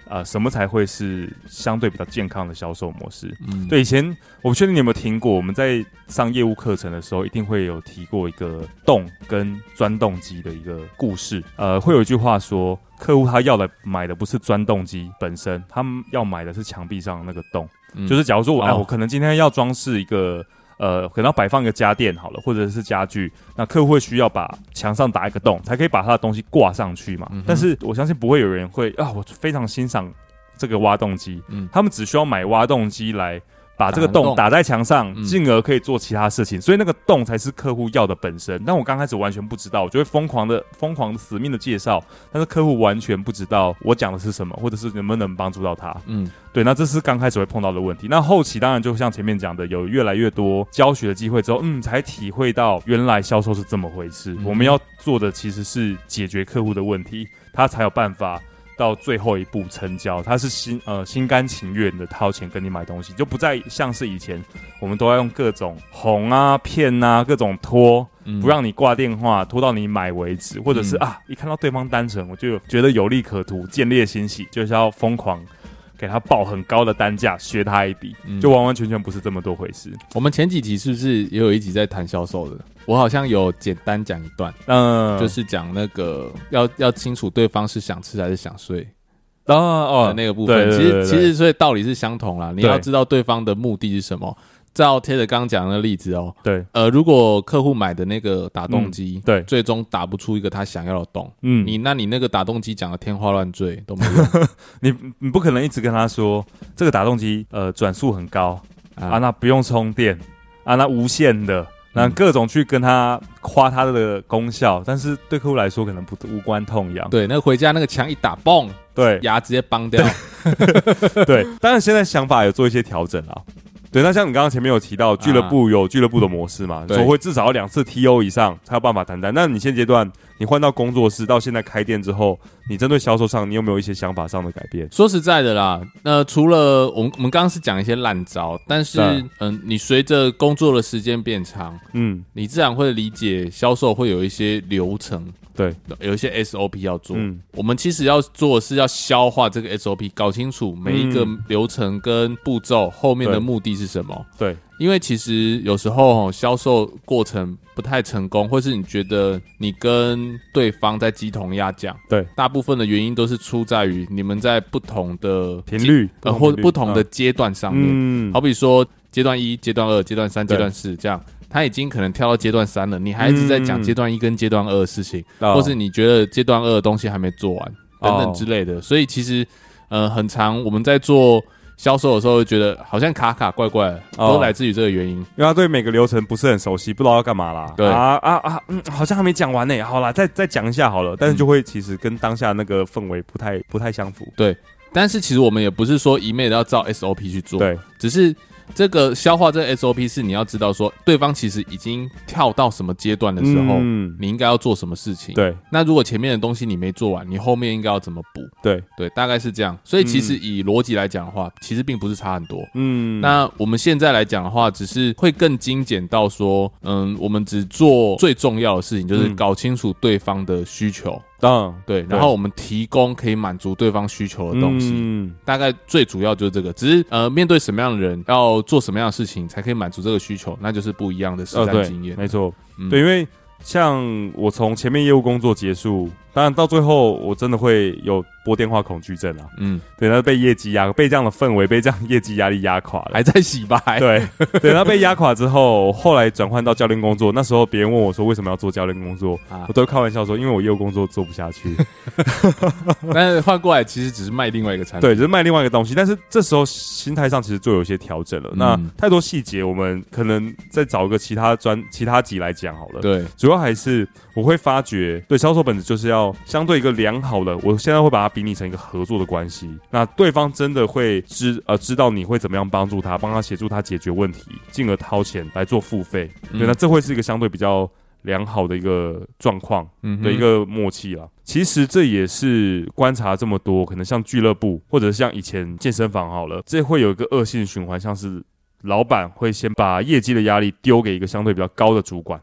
啊、呃，什麼才會是相對比較健康的銷售模式？嗯、對，以前我不確定你有沒有聽過，我們在上業務課程的時候，一定會有提過一個洞跟鑽洞機的一個故事。呃，會有一句話說，客戶他要的買的不是鑽洞機本身，他們要買的是牆壁上那個洞。嗯、就是假如說我哎，哦、我可能今天要裝飾一個。呃，可能要擺放一個家電好了，或者是家具，那客戶會需要把牆上打一個洞，才可以把他的東西掛上去嘛。嗯、哼但是我相信不會有人會啊，我非常欣賞這個挖洞機，嗯、他們只需要買挖洞機來。把這個洞打在牆上，進、嗯、而可以做其他事情，所以那個洞才是客戶要的本身。但我剛開始完全不知道，我就會瘋狂的、瘋狂的死命的介紹，但是客戶完全不知道我講的是什麼，或者是能不能幫助到他。嗯，對，那這是剛開始會碰到的問題。那後期當然就像前面講的，有越來越多教學的機會之後，嗯，才體會到原來銷售是這麼回事。嗯、我們要做的其實是解決客戶的問題，他才有辦法。到最後一步成交，他是心呃、心甘情願的掏錢跟你買東西，就不再像是以前，我們都要用各種哄啊騙啊各種拖，嗯、不讓你掛電話，拖到你買為止，或者是、嗯、啊一看到對方單純，我就覺得有利可圖、見獵心喜，就是、要瘋狂。給他報很高的單價，削他一筆，就完完全全不是這麼多回事。嗯、我們前幾集是不是也有一集在談銷售的？我好像有簡單講一段，嗯，就是講那個要要清楚對方是想吃還是想睡哦哦那個部分。其實其實所以道理是相同啦，你要知道對方的目的是什麼。照 Ted 的剛剛講的例子哦，對，呃，如果客戶買的那個打洞機、嗯，對，最終打不出一個他想要的洞，嗯，你那你那個打洞機講的天花亂墜都沒有， 你你不可能一直跟他說這個打洞機，呃，轉速很高啊，啊，那不用充電啊，那無限的，那、嗯啊、各種去跟他誇它的功效，但是對客戶來說可能不無關痛癢，對，那回家那個牆一打嘣，蹦對，牙直接崩掉，對，但 是 現在想法有做一些調整啊、哦。對，那像你剛剛前面有提到俱樂部有俱樂部的模式嘛，所以、啊、會至少要兩次 TO 以上才有辦法談單。那你現階段，你換到工作室，到現在開店之後，你針對銷售上，你有沒有一些想法上的改變？說實在的啦，那除了我們我們剛剛是講一些爛招，但是對嗯，你隨着工作的時間變長，嗯，你自然會理解銷售會有一些流程，對，有一些 SOP 要做。嗯，我們其實要做的是要消化這個 SOP，搞清楚每一個流程跟步驟後面的目的是什麼，對。對因為其實有時候銷售過程不太成功，或是你覺得你跟對方在雞同鴨講，對，大部分的原因都是出在於你們在不同的頻率，頻率呃，或不同的階段上面。嗯，好比說階段一、階段二、階段三、階段四對這樣，他已經可能跳到階段三了，你還一直在講階段一跟階段二的事情，嗯、或是你覺得階段二的東西還沒做完等等之類的。哦、所以其實，呃，很常我們在做。銷售的時候就覺得好像卡卡怪怪的，哦、都來自於這個原因，因為他對每個流程不是很熟悉，不知道要幹嘛啦。對啊啊啊，嗯，好像還沒講完呢。好啦，再再講一下好了，但是就會其實跟當下那個氛圍不太不太相符、嗯。對，但是其實我們也不是說一昧的要照 SOP 去做，對，只是。這個消化這 SOP 是你要知道說，對方其實已經跳到什麼階段的時候，嗯，你應該要做什麼事情。對，那如果前面的東西你沒做完，你後面應該要怎麼補？對對，大概是這樣。所以其實以邏輯來講的話，嗯，其實並不是差很多。嗯，那我們現在來講的話，只是會更精簡到說，嗯，我們只做最重要的事情，就是搞清楚對方的需求。嗯。嗯，uh, 對，對，然後我們提供可以滿足對方需求的東西，嗯，大概最主要就是這個。只是呃，面對什麼樣的人，要做什麼樣的事情，才可以滿足這個需求，那就是不一樣的實戰經驗，呃。沒錯，嗯，對，因為像我從前面業務工作結束。但到最後，我真的會有撥電話恐懼症啊！嗯，對，那被業績壓，被這樣的氛圍，被這樣業績壓力壓垮了，還在洗白。對，等到 被壓垮之後，後來轉換到教練工作。那時候別人問我說，為什麼要做教練工作，啊、我都會開玩笑說，因為我業務工作做不下去。但是換過來其實只是賣另外一個產品，對，只、就是賣另外一個東西。但是這時候心態上其實做有些調整了。嗯、那太多細節，我們可能再找個其他專其他集來講好了。對，主要還是。我會發覺，對，銷售本質就是要相對一個良好的，我現在會把它比擬成一個合作的關係。那對方真的會知呃，知道你會怎麼樣幫助他，幫他協助他解決問題，進而掏錢來做付費。對，那這會是一個相對比較良好的一個狀況的一個默契啊。其實這也是觀察這麼多，可能像俱樂部或者像以前健身房好了，這會有一個惡性循環，像是老板會先把業績的壓力丟給一個相對比較高的主管。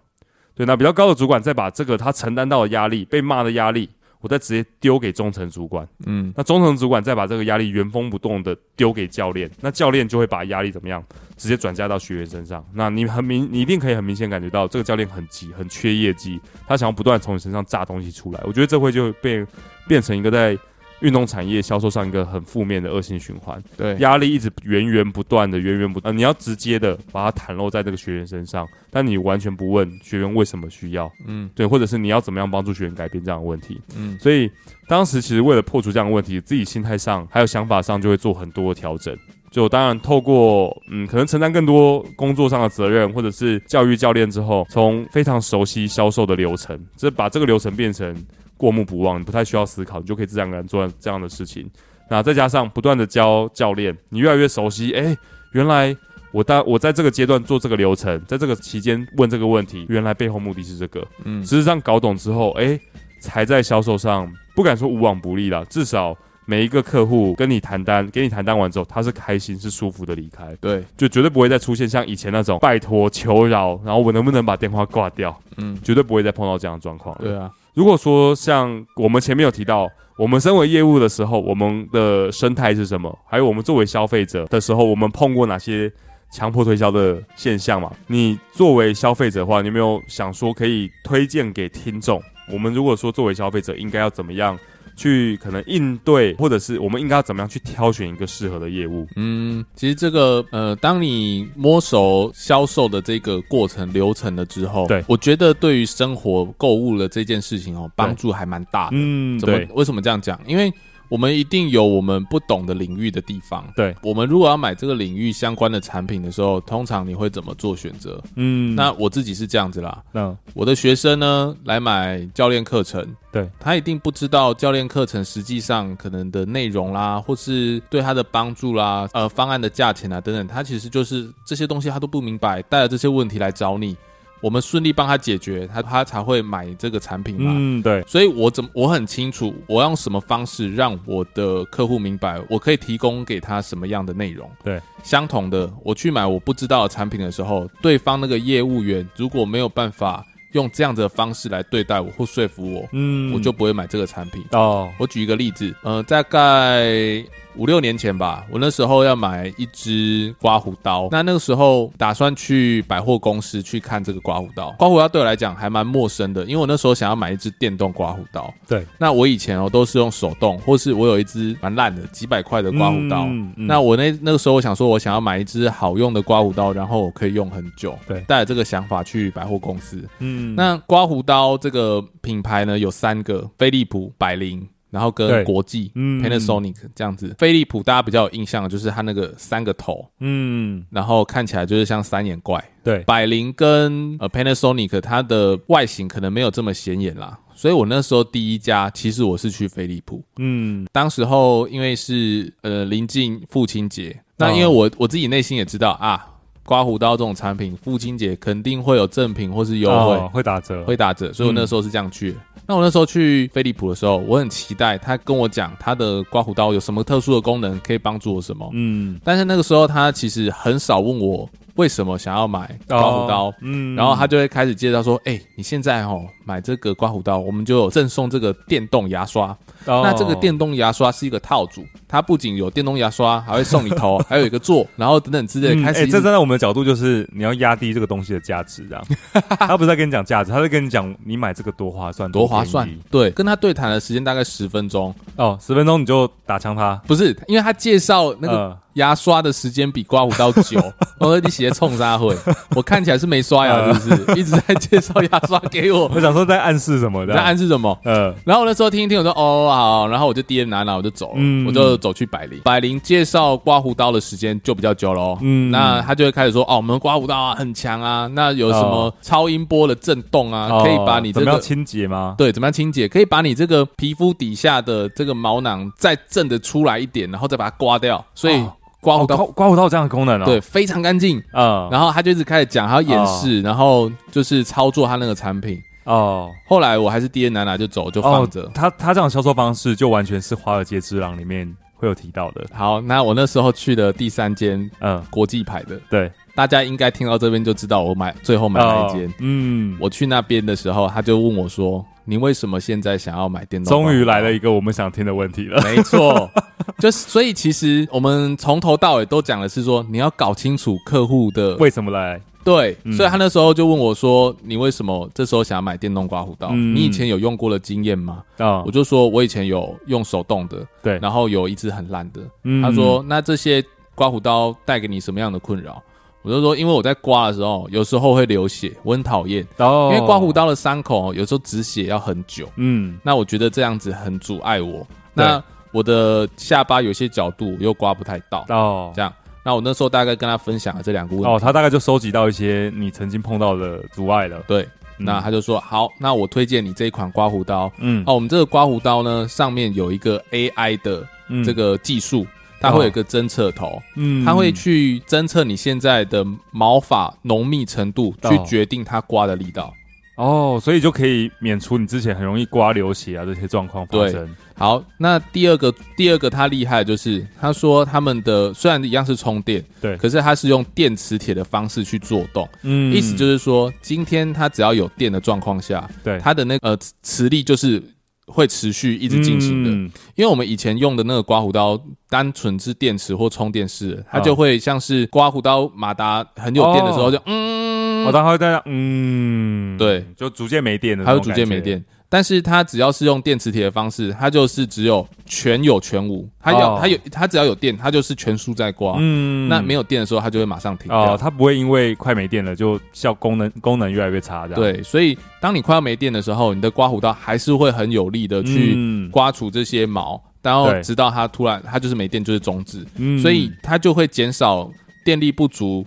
對，那比較高的主管再把這個他承擔到的壓力、被罵的壓力，我再直接丟給中層主管，嗯，那中層主管再把這個壓力原封不動的丟給教練，那教練就會把壓力怎麼樣？直接轉嫁到學員身上。那你很明，你一定可以很明顯感覺到這個教練很急，很缺業績，他想要不斷從你身上榨東西出來。我覺得這會就被變成一個在運動產業銷售上一個很負面的惡性循環，對，壓力一直源源不斷的，源源不斷呃，你要直接的把它袒露在這個學員身上，但你完全不問學員為什麼需要，嗯，對，或者是你要怎麼樣幫助學員改變這樣的問題，嗯，所以當時其實為了破除這樣的問題，自己心態上還有想法上就會做很多的調整，就當然透過嗯，可能承擔更多工作上的責任，或者是教育教練之後，從非常熟悉銷售的流程，就是把這個流程變成。過目不忘，你不太需要思考，你就可以自然而然做這樣的事情。那再加上不斷的教教練，你越來越熟悉。哎、欸，原來我當我在這個階段做這個流程，在這個期間問這個問題，原來背後目的是這個。嗯，實際上搞懂之後，誒、欸，才在銷售上不敢說無往不利了，至少每一個客戶跟你談單，跟你談單完之後，他是開心是舒服的離開。對，就絕對不會再出現像以前那種拜託求饒，然後我能不能把電話掛掉？嗯，絕對不會再碰到這樣的狀況。對啊。如果說像我們前面有提到，我們身為業務的時候，我們的生態是什麼？還有我們作為消費者的時候，我們碰過哪些強迫推銷的現象嘛？你作為消費者的話，你有沒有想說可以推薦給聽眾？我們如果說作為消費者，應該要怎麼樣去可能應對，或者是我們應該要怎麼樣去挑選一個適合的業務？嗯，其實這個呃，當你摸熟銷售的這個過程流程了之後，對，我覺得對於生活購物的這件事情哦，幫助還蠻大的。對嗯，怎麼對為什麼這樣講？因為。我們一定有我們不懂的領域的地方。對，我們如果要買這個領域相關的產品的時候，通常你會怎麼做選擇？嗯，那我自己是這樣子啦。嗯那，我的學生呢，來買教練課程，對，他一定不知道教練課程實際上可能的內容啦，或是對他的幫助啦，呃，方案的價錢啊等等，他其實就是這些東西他都不明白，帶着這些問題來找你。我們順利幫他解決，他他才會買這個產品嘛。嗯，對。所以，我怎麼我很清楚，我用什麼方式讓我的客戶明白，我可以提供給他什麼樣的內容。對，相同的，我去買我不知道的產品的時候，對方那個業務員如果沒有辦法用這樣子的方式來對待我或說服我，嗯，我就不會買這個產品。哦，我舉一個例子，嗯、呃，大概。五六年前吧，我那時候要買一支刮鬍刀。那那個時候打算去百貨公司去看這個刮鬍刀。刮鬍刀對我來講還蠻陌生的，因為我那時候想要買一支電動刮鬍刀。對，那我以前哦都是用手動，或是我有一支蠻爛的幾百塊的刮鬍刀。嗯嗯，那我那那個時候我想說，我想要買一支好用的刮鬍刀，然後我可以用很久。對，帶着這個想法去百貨公司。嗯，那刮鬍刀這個品牌呢有三個：飛利浦、百靈。然後跟國際、嗯、Panasonic 這樣子，飛利浦，嗯，大家比較有印象的就是它那個三個頭，嗯，然後看起來就是像三眼怪。對，百靈跟呃 Panasonic 它的外形可能沒有這麼顯眼啦，所以我那時候第一家其實我是去飛利浦，嗯，當時候因為是呃臨近父親節，那因為我我自己內心也知道啊。刮鬍刀這種產品，父親節肯定會有贈品或是優惠，哦，會打折，會打折。所以，我那時候是這樣去。嗯、那我那時候去飛利浦的時候，我很期待他跟我講他的刮鬍刀有什麼特殊的功能，可以幫助我什麼。嗯，但是那個時候他其實很少問我。為什麼想要買刮鬍刀？嗯，然後他就會開始介紹說：“哎，你現在哦買這個刮鬍刀，我們就有贈送這個電動牙刷。那這個電動牙刷是一個套組，它不僅有電動牙刷，還會送你頭，還有一個座，然後等等之類。開始，這站在我們的角度就是你要壓低這個東西的價值，這樣。他不是在跟你講價值，他在跟你講你買這個多划算，多划算。對，跟他對談的時間大概十分鐘。哦，十分鐘你就打槍他？不是，因為他介紹那個。”牙刷的時間比刮鬍刀久。 我說，你寫的衝啥會？我看起來是沒刷牙，是不是？一直在介紹牙刷給我。 我想說在暗示什麼的？在暗示什麼？呃，然後我那時候聽一聽，我說哦好，然後我就遞人拿拿，拿，我就走，嗯、我就走去百靈。百靈介紹刮鬍刀的時間就比較久嘍。嗯，那他就會開始說哦，我們刮鬍刀啊很強啊，那有什麼超音波的震動啊，可以把你這個清潔嗎？對，怎麼樣清潔？可以把你這個皮膚底下的這個毛囊再震得出來一點，然後再把它刮掉，所以。刮鬍刀、哦，刮鬍刀這樣的功能啊、哦，對，非常乾淨啊。嗯、然後他就一直開始講，還要演示，嗯、然後就是操作他那個產品哦。嗯、後來我還是第 N 拿拿就走，就放着。哦、他他這種銷售方式就完全是《華爾街之狼》裡面會有提到的。好，那我那時候去的第三間，嗯，國際牌的。嗯、對，大家應該聽到這邊就知道我買最後買哪一間。嗯，我去那邊的時候，他就問我說。你為什麼現在想要買電動？終於來了一個我們想聽的問題了。 沒錯，就是所以其實我們從頭到尾都講的是說，你要搞清楚客戶的為什麼來。對，嗯、所以他那時候就問我說：“你為什麼這時候想要買電動刮鬍刀？嗯、你以前有用過的經驗嗎？”啊、哦，我就說我以前有用手動的，對，然後有一支很爛的。嗯、他說：“那這些刮鬍刀帶給你什麼樣的困擾？”我就說，因為我在刮的時候，有時候會流血，我很討厭。哦、因為刮鬍刀的傷口，有時候止血要很久。嗯，那我覺得這樣子很阻礙我。對，那我的下巴有些角度又刮不太到。哦，這樣，那我那時候大概跟他分享了這兩個問題。哦，他大概就收集到一些你曾經碰到的阻礙了。對，嗯、那他就說，好，那我推薦你這一款刮鬍刀。嗯，好、哦，我們這個刮鬍刀呢，上面有一個 AI 的這個技術。嗯它會有一個偵測頭、哦，嗯，它會去偵測你現在的毛髮濃密程度，哦、去決定它刮的力道。哦，所以就可以免除你之前很容易刮流血啊這些狀況發生。對，好，那第二個，第二個它厲害的就是，他說他們的雖然一樣是充電，對，可是它是用電磁鐵的方式去做動。嗯，意思就是說，今天它只要有電的狀況下，對，它的那個、呃，磁力就是。會持續一直進行的，嗯、因為我們以前用的那個刮鬍刀，單純是電池或充電式的，它就會像是刮鬍刀馬達很有電的時候就嗯，然後在嗯，對，就逐漸沒電的，它就逐漸沒電。但是它只要是用電磁鐵的方式，它就是只有全有全無。它有它有它只要有電，它就是全速在刮。嗯，那沒有電的時候，它就會馬上停掉。哦，它不會因為快沒電了就效功能功能越來越差這樣。對，所以當你快要沒電的時候，你的刮鬍刀還是會很有力的去刮除這些毛。嗯，然後直到它突然它就是沒電就是終止。嗯，所以它就會減少電力不足。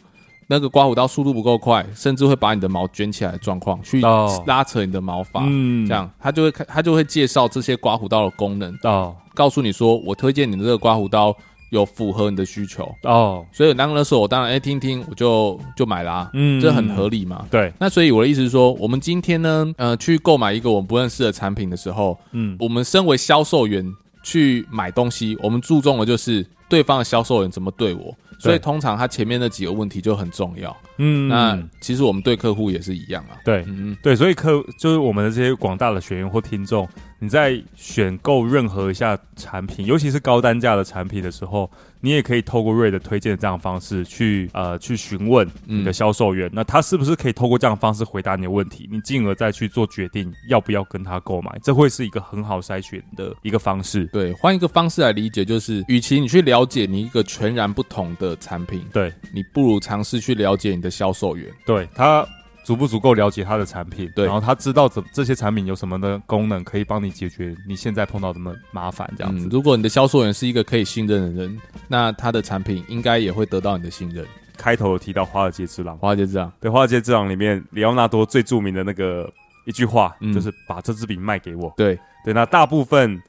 那個刮鬍刀速度不夠快，甚至會把你的毛捲起來的狀況，狀況去拉扯你的毛髮，oh. 這樣他就會他就會介紹這些刮鬍刀的功能，oh. 告訴你說我推薦你這個刮鬍刀有符合你的需求哦，oh. 所以那個時候我當然哎、欸、聽聽，我就就買啦、啊。嗯，這很合理嘛，嗯、對。那所以我的意思是說，我們今天呢，呃，去購買一個我們不認識的產品的時候，嗯，oh. 我們身為銷售員去買東西，我們注重的就是對方的銷售員怎麼對我。所以通常他前面那幾個問題就很重要，嗯對，那其實我們對客戶也是一樣啊，對，嗯，對，所以客就是我們的這些廣大的學員或聽眾，你在選購任何一下產品，尤其是高單價的產品的時候，你也可以透過 RED 的推薦這樣的方式去呃去詢問你的銷售員，嗯、那他是不是可以透過這樣的方式回答你的問題，你進而再去做決定要不要跟他購買，這會是一個很好篩選的一個方式。對，換一個方式來理解，就是與其你去了解你一個全然不同的。的產品，對，你不如嘗試去了解你的銷售員，對他足不足夠了解他的產品，對，然後他知道這這些產品有什麼的功能，可以幫你解決你現在碰到這麼麻煩，這樣子、嗯。如果你的銷售員是一個可以信任的人，那他的產品應該也會得到你的信任。開頭提到《華爾街之狼》智，《華爾街之狼》對，《華爾街之狼》裡面，里奧納多最著名的那個一句話，嗯、就是把這支筆賣給我。對對，那大部分。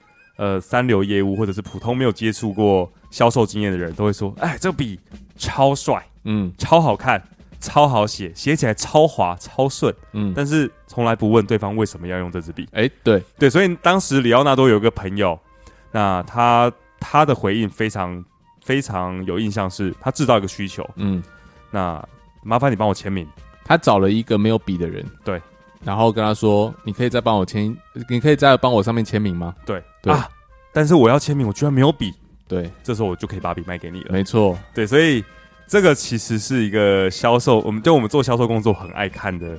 呃，三流業務或者是普通沒有接觸過銷售經驗的人，都會說：“哎，這筆超帥，嗯，超好看，超好寫，寫起來超滑，超順。”嗯，但是從來不問對方為什麼要用這支筆。哎、欸，對對，所以當時李奧納多有一個朋友，那他他的回應非常非常有印象，是他制造一個需求，嗯，那麻煩你幫我簽名。他找了一個沒有筆的人，對。然後跟他說：“你可以再幫我簽，你可以再幫我上面簽名嗎？”對，對啊，但是我要簽名，我居然沒有筆。對，這時候我就可以把筆賣給你了。沒錯錯，對，所以這個其實是一個銷售，我們就我們做銷售工作很愛看的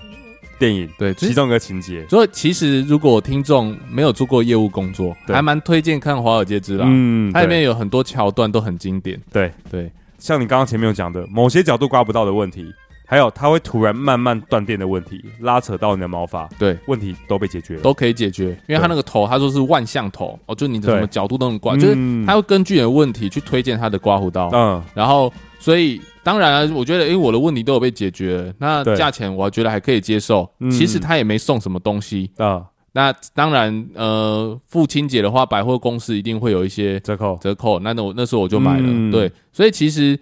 電影。對，其中一個情節，所以其實如果我聽眾沒有做過業務工作，對還蠻推薦看《華爾街之狼》。嗯，它裡面有很多橋段都很經典。對對，對對像你剛剛前面有講的，某些角度刮不到的問題。還有，它會突然慢慢斷電的問題，拉扯到你的毛髮，對，問題都被解決了，都可以解決，因為它那個頭，對他說是萬向頭，哦，就你的什麼角度都能刮，對就是他會根據你的問題去推薦他的刮鬍刀，嗯，然後，所以當然、啊，我覺得，哎、欸，我的問題都有被解決了，那價錢我覺得還可以接受，對其實他也沒送什麼東西啊，嗯、那當然，呃，父親節的話，百貨公司一定會有一些折扣，折扣，那我那時候我就買了，嗯、對，所以其實。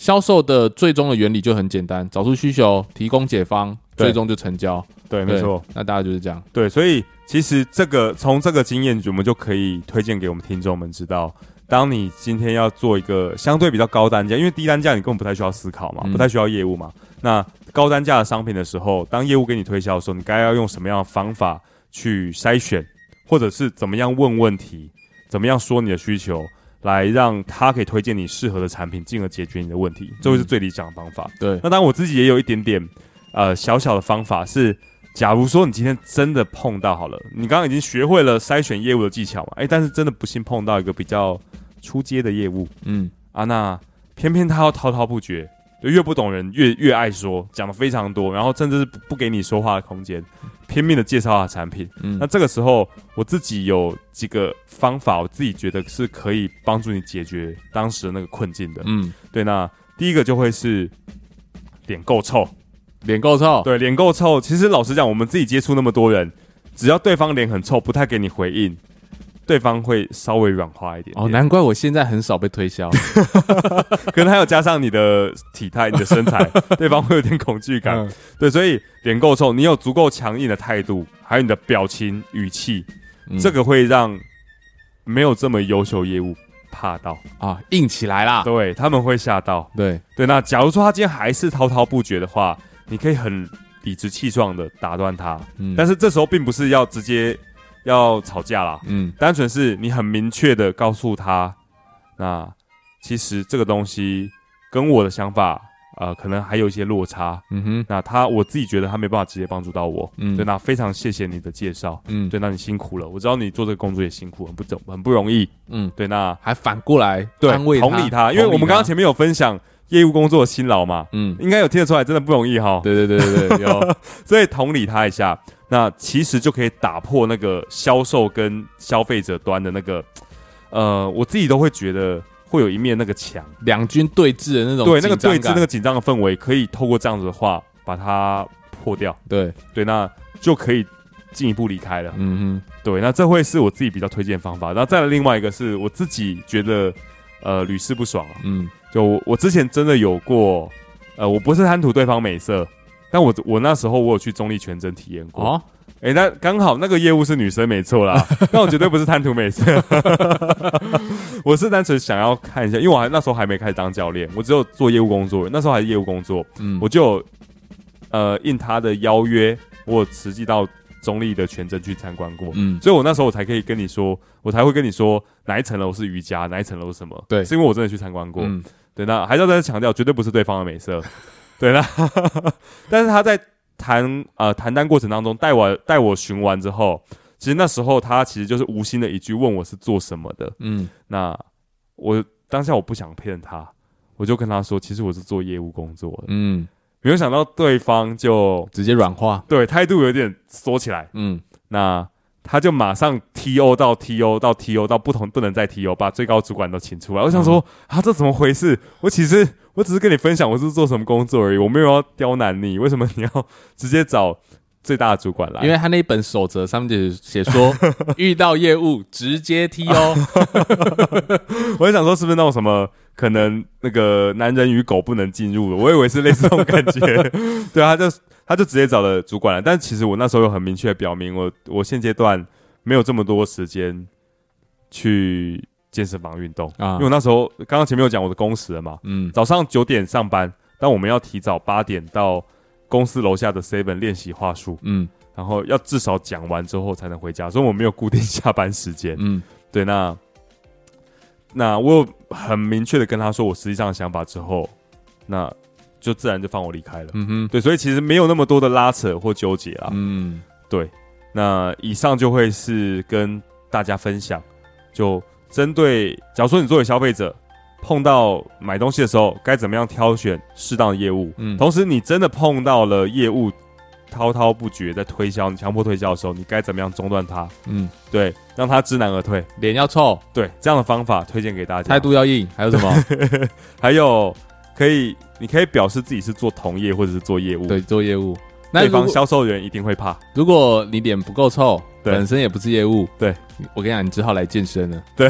銷售的最終的原理，就很簡單，找出需求，提供解方，對最終就成交。對，對沒錯。那大概就是這樣。對，所以其實這個從這個經驗，我們就可以推薦給我們聽眾們知道，當你今天要做一個相對比較高單價，因為低單價你根本不太需要思考嘛，嗯、不太需要業務嘛。那高單價的商品的時候，當業務給你推銷的時候，你該要用什麼樣的方法去篩選，或者是怎麼樣問問題，怎麼樣說你的需求？來讓他可以推薦你適合的產品，進而解決你的問題，這會是最理想的方法。嗯、對，那當然我自己也有一點點，呃，小小的方法是，假如說你今天真的碰到好了，你剛剛已經學會了篩選業務的技巧嘛，哎，但是真的不幸碰到一個比較初階的業務，嗯，啊，那偏偏他又滔滔不絕。就越不懂人越越愛說，講得非常多，然後甚至是不，不給你說話的空間，拼命的介紹一下產品。嗯，那這個時候，我自己有幾個方法，我自己覺得是可以幫助你解決當時的那個困境的。嗯，對，那第一個就會是臉夠臭，臉夠臭，對，臉夠臭。其實老實講，我們自己接觸那麼多人，只要對方臉很臭，不太給你回應，對方會稍微軟化一點哦，難怪我現在很少被推銷， 可能還有加上你的體態、你的身材， 對方會有點恐懼感。嗯、對，所以臉夠臭，你有足夠強硬的態度，還有你的表情、語氣，嗯、這個會讓沒有這麼優秀業務怕到啊，硬起來啦，對，他們會嚇到，對對。那假如說他今天還是滔滔不絕的話，你可以很理直氣壯的打斷他，嗯、但是這時候並不是要直接。要吵架啦。嗯，單純是你很明確的告訴他，那其實這個東西跟我的想法啊，可能還有一些落差，嗯哼，那他我自己覺得他沒辦法直接幫助到我，嗯，對，那非常謝謝你的介紹，嗯，對，那你辛苦了，我知道你做這個工作也辛苦，很不怎很不容易，嗯，對，那還反過來對同理他，因為我們剛剛前面有分享業務工作的辛勞嘛，嗯，應該有聽得出來，真的不容易哈，對對對對對，有，所以同理他一下。那其實就可以打破那個銷售跟消費者端的那個，呃，我自己都會覺得會有一面那個牆，兩軍對峙的那種對那個對峙那個緊張的氛圍，可以透過這樣子的話把它破掉。對對，那就可以進一步離開了。嗯嗯哼，對，那這會是我自己比較推薦的方法。那再來另外一個是我自己覺得呃屢試不爽，嗯，就我，我之前真的有過，呃，我不是貪圖對方美色。但我我那時候我有去中壢全真體驗過，哎、啊欸，那剛好那個業務是女生，沒錯啦。那 我絕對不是貪圖美色， 我是單純想要看一下，因為我還那時候還沒開始當教練，我只有做業務工作，那時候還是業務工作，嗯，我就有呃應他的邀約，我有實際到中壢的全真去參觀過，嗯，所以我那時候我才可以跟你說，我才會跟你說哪一層樓是瑜伽，哪一層樓是什麼，對，是因為我真的去參觀過，嗯，對，那還是要再次強調，絕對不是對方的美色。 對啦哈，但是他在談，呃，談單過程當中帶，帶我帶我巡完之後，其實那時候他其實就是無心的一句問我是做什麼的，嗯，那我當下我不想騙他，我就跟他說，其實我是做業務工作的，嗯，沒有想到對方就直接軟化，對，態度有點縮起來，嗯，那他就馬上 T O 到 T O 到 T O 到不同不能再 T O，把最高主管都請出來，我想說、嗯、啊，這怎麼回事？我其實。我只是跟你分享我是,是做什麼工作而已，我沒有要刁難你。為什麼你要直接找最大的主管來？因為他那一本守則上面就寫說， 遇到業務直接踢哦。我也想說，是不是那種什麼可能那個男人與狗不能進入的？我以為是類似這種感覺。 對啊，他就他就直接找了主管了。但其實我那時候有很明確表明，我我現階段沒有這麼多時間去。健身房運動啊，uh, 因為我那時候剛剛前面有講我的工時了嘛，嗯，早上九點上班，但我們要提早八點到公司樓下的 Seven 練習話術，嗯，然後要至少講完之後才能回家，所以我沒有固定下班時間，嗯，對，那那我很明確的跟他說我實際上的想法之後，那就自然就放我離開了，嗯哼，對，所以其實沒有那麼多的拉扯或糾結啦，嗯，對，那以上就會是跟大家分享就。針對，假如說你作為消費者碰到買東西的時候，該怎麼樣挑選適當的業務？嗯，同時你真的碰到了業務滔滔不絕在推銷，你強迫推銷的時候，你該怎麼樣中斷他？嗯，對，讓他知難而退，臉要臭，對，這樣的方法推薦給大家。態度要硬，還有什麼？還有可以，你可以表示自己是做同業或者是做業務，對，做業務。那對方銷售員一定會怕。如果你臉不夠臭，對本身也不是業務，對，我跟你講，你只好來健身了。對，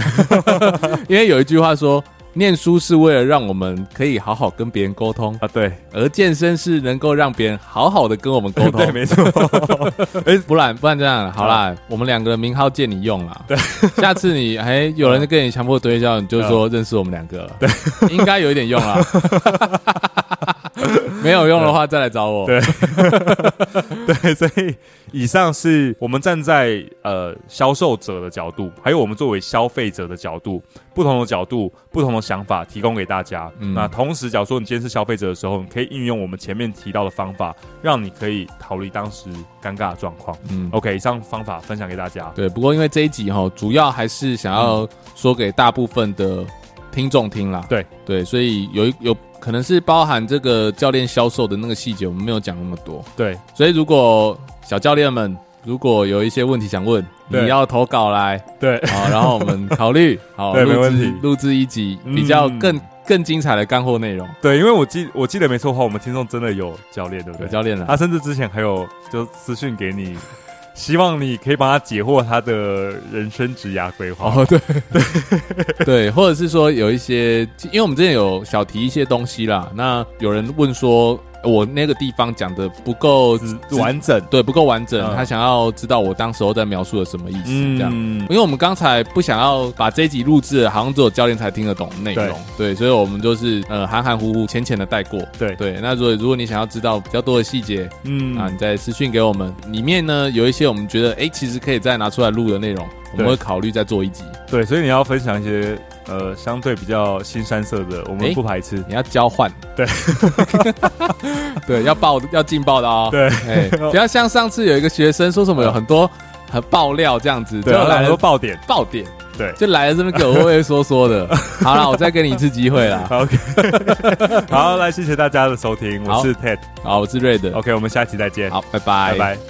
因為有一句話說，唸書是為了讓我們可以好好跟別人溝通啊。對，而健身是能夠讓別人好好的跟我們溝通。對，沒錯。哎， 不然不然這樣，好啦，啊、我們兩個名號借你用了。對， 下次你哎、欸、有人跟你強迫推銷你就說認識我們兩個了。啊、對， 應該有一點用啊。 沒有用的話，再來找我。對， 對，所以以上是我們站在呃銷售者的角度，還有我們作為消費者的角度，不同的角度，不同的想法，提供給大家。嗯、那同時，假如說你今天是消費者的時候，你可以應用我們前面提到的方法，讓你可以逃離當時尷尬的狀況。嗯，OK，以上方法分享給大家。對，不過因為這一集哈，主要還是想要說給大部分的聽眾聽啦。嗯、對，對，所以有有。可能是包含這個教練銷售的那個細節，我們沒有講那麼多。對，所以如果小教練們如果有一些問題想問，對你要投稿來，對好，然後我們考慮，好對制沒問題。錄製一集比較更，嗯、更精彩的乾貨內容。對，因為我記我記得沒錯的話，我們聽眾真的有教練，對不對？有教練的，他甚至之前還有就私信給你。希望你可以幫他解惑他的人生職涯規劃。哦，對對 對，或者是說有一些，因為我們之前有小提一些東西啦。那有人問說。我那個地方講的不夠完整，對，不夠完整。嗯、他想要知道我當時候在描述的什麼意思，嗯、這樣。因為我們剛才不想要把這一集錄製，好像只有教練才聽得懂的內容，對，對，所以我們就是呃含含糊糊、淺淺的帶過。對，對，那如果如果你想要知道比較多的細節，嗯，啊，你再私訊給我們。裡面呢有一些我們覺得，哎、欸，其實可以再拿出來錄的內容。我們會考慮再做一集。對，所以你要分享一些呃相對比較腥羶色的，我們不排斥。你要交換，對，對，要爆要勁爆的哦。對，不要像上次有一個學生說什麼有很多很爆料這樣子，就很多爆點，爆點，對，就來了這邊給我畏畏縮縮的。好了，我再給你一次機會了。OK，好，來謝謝大家的收聽，我是 Ted，好，我是 Red。OK，我們下期再見，好，拜拜，拜拜。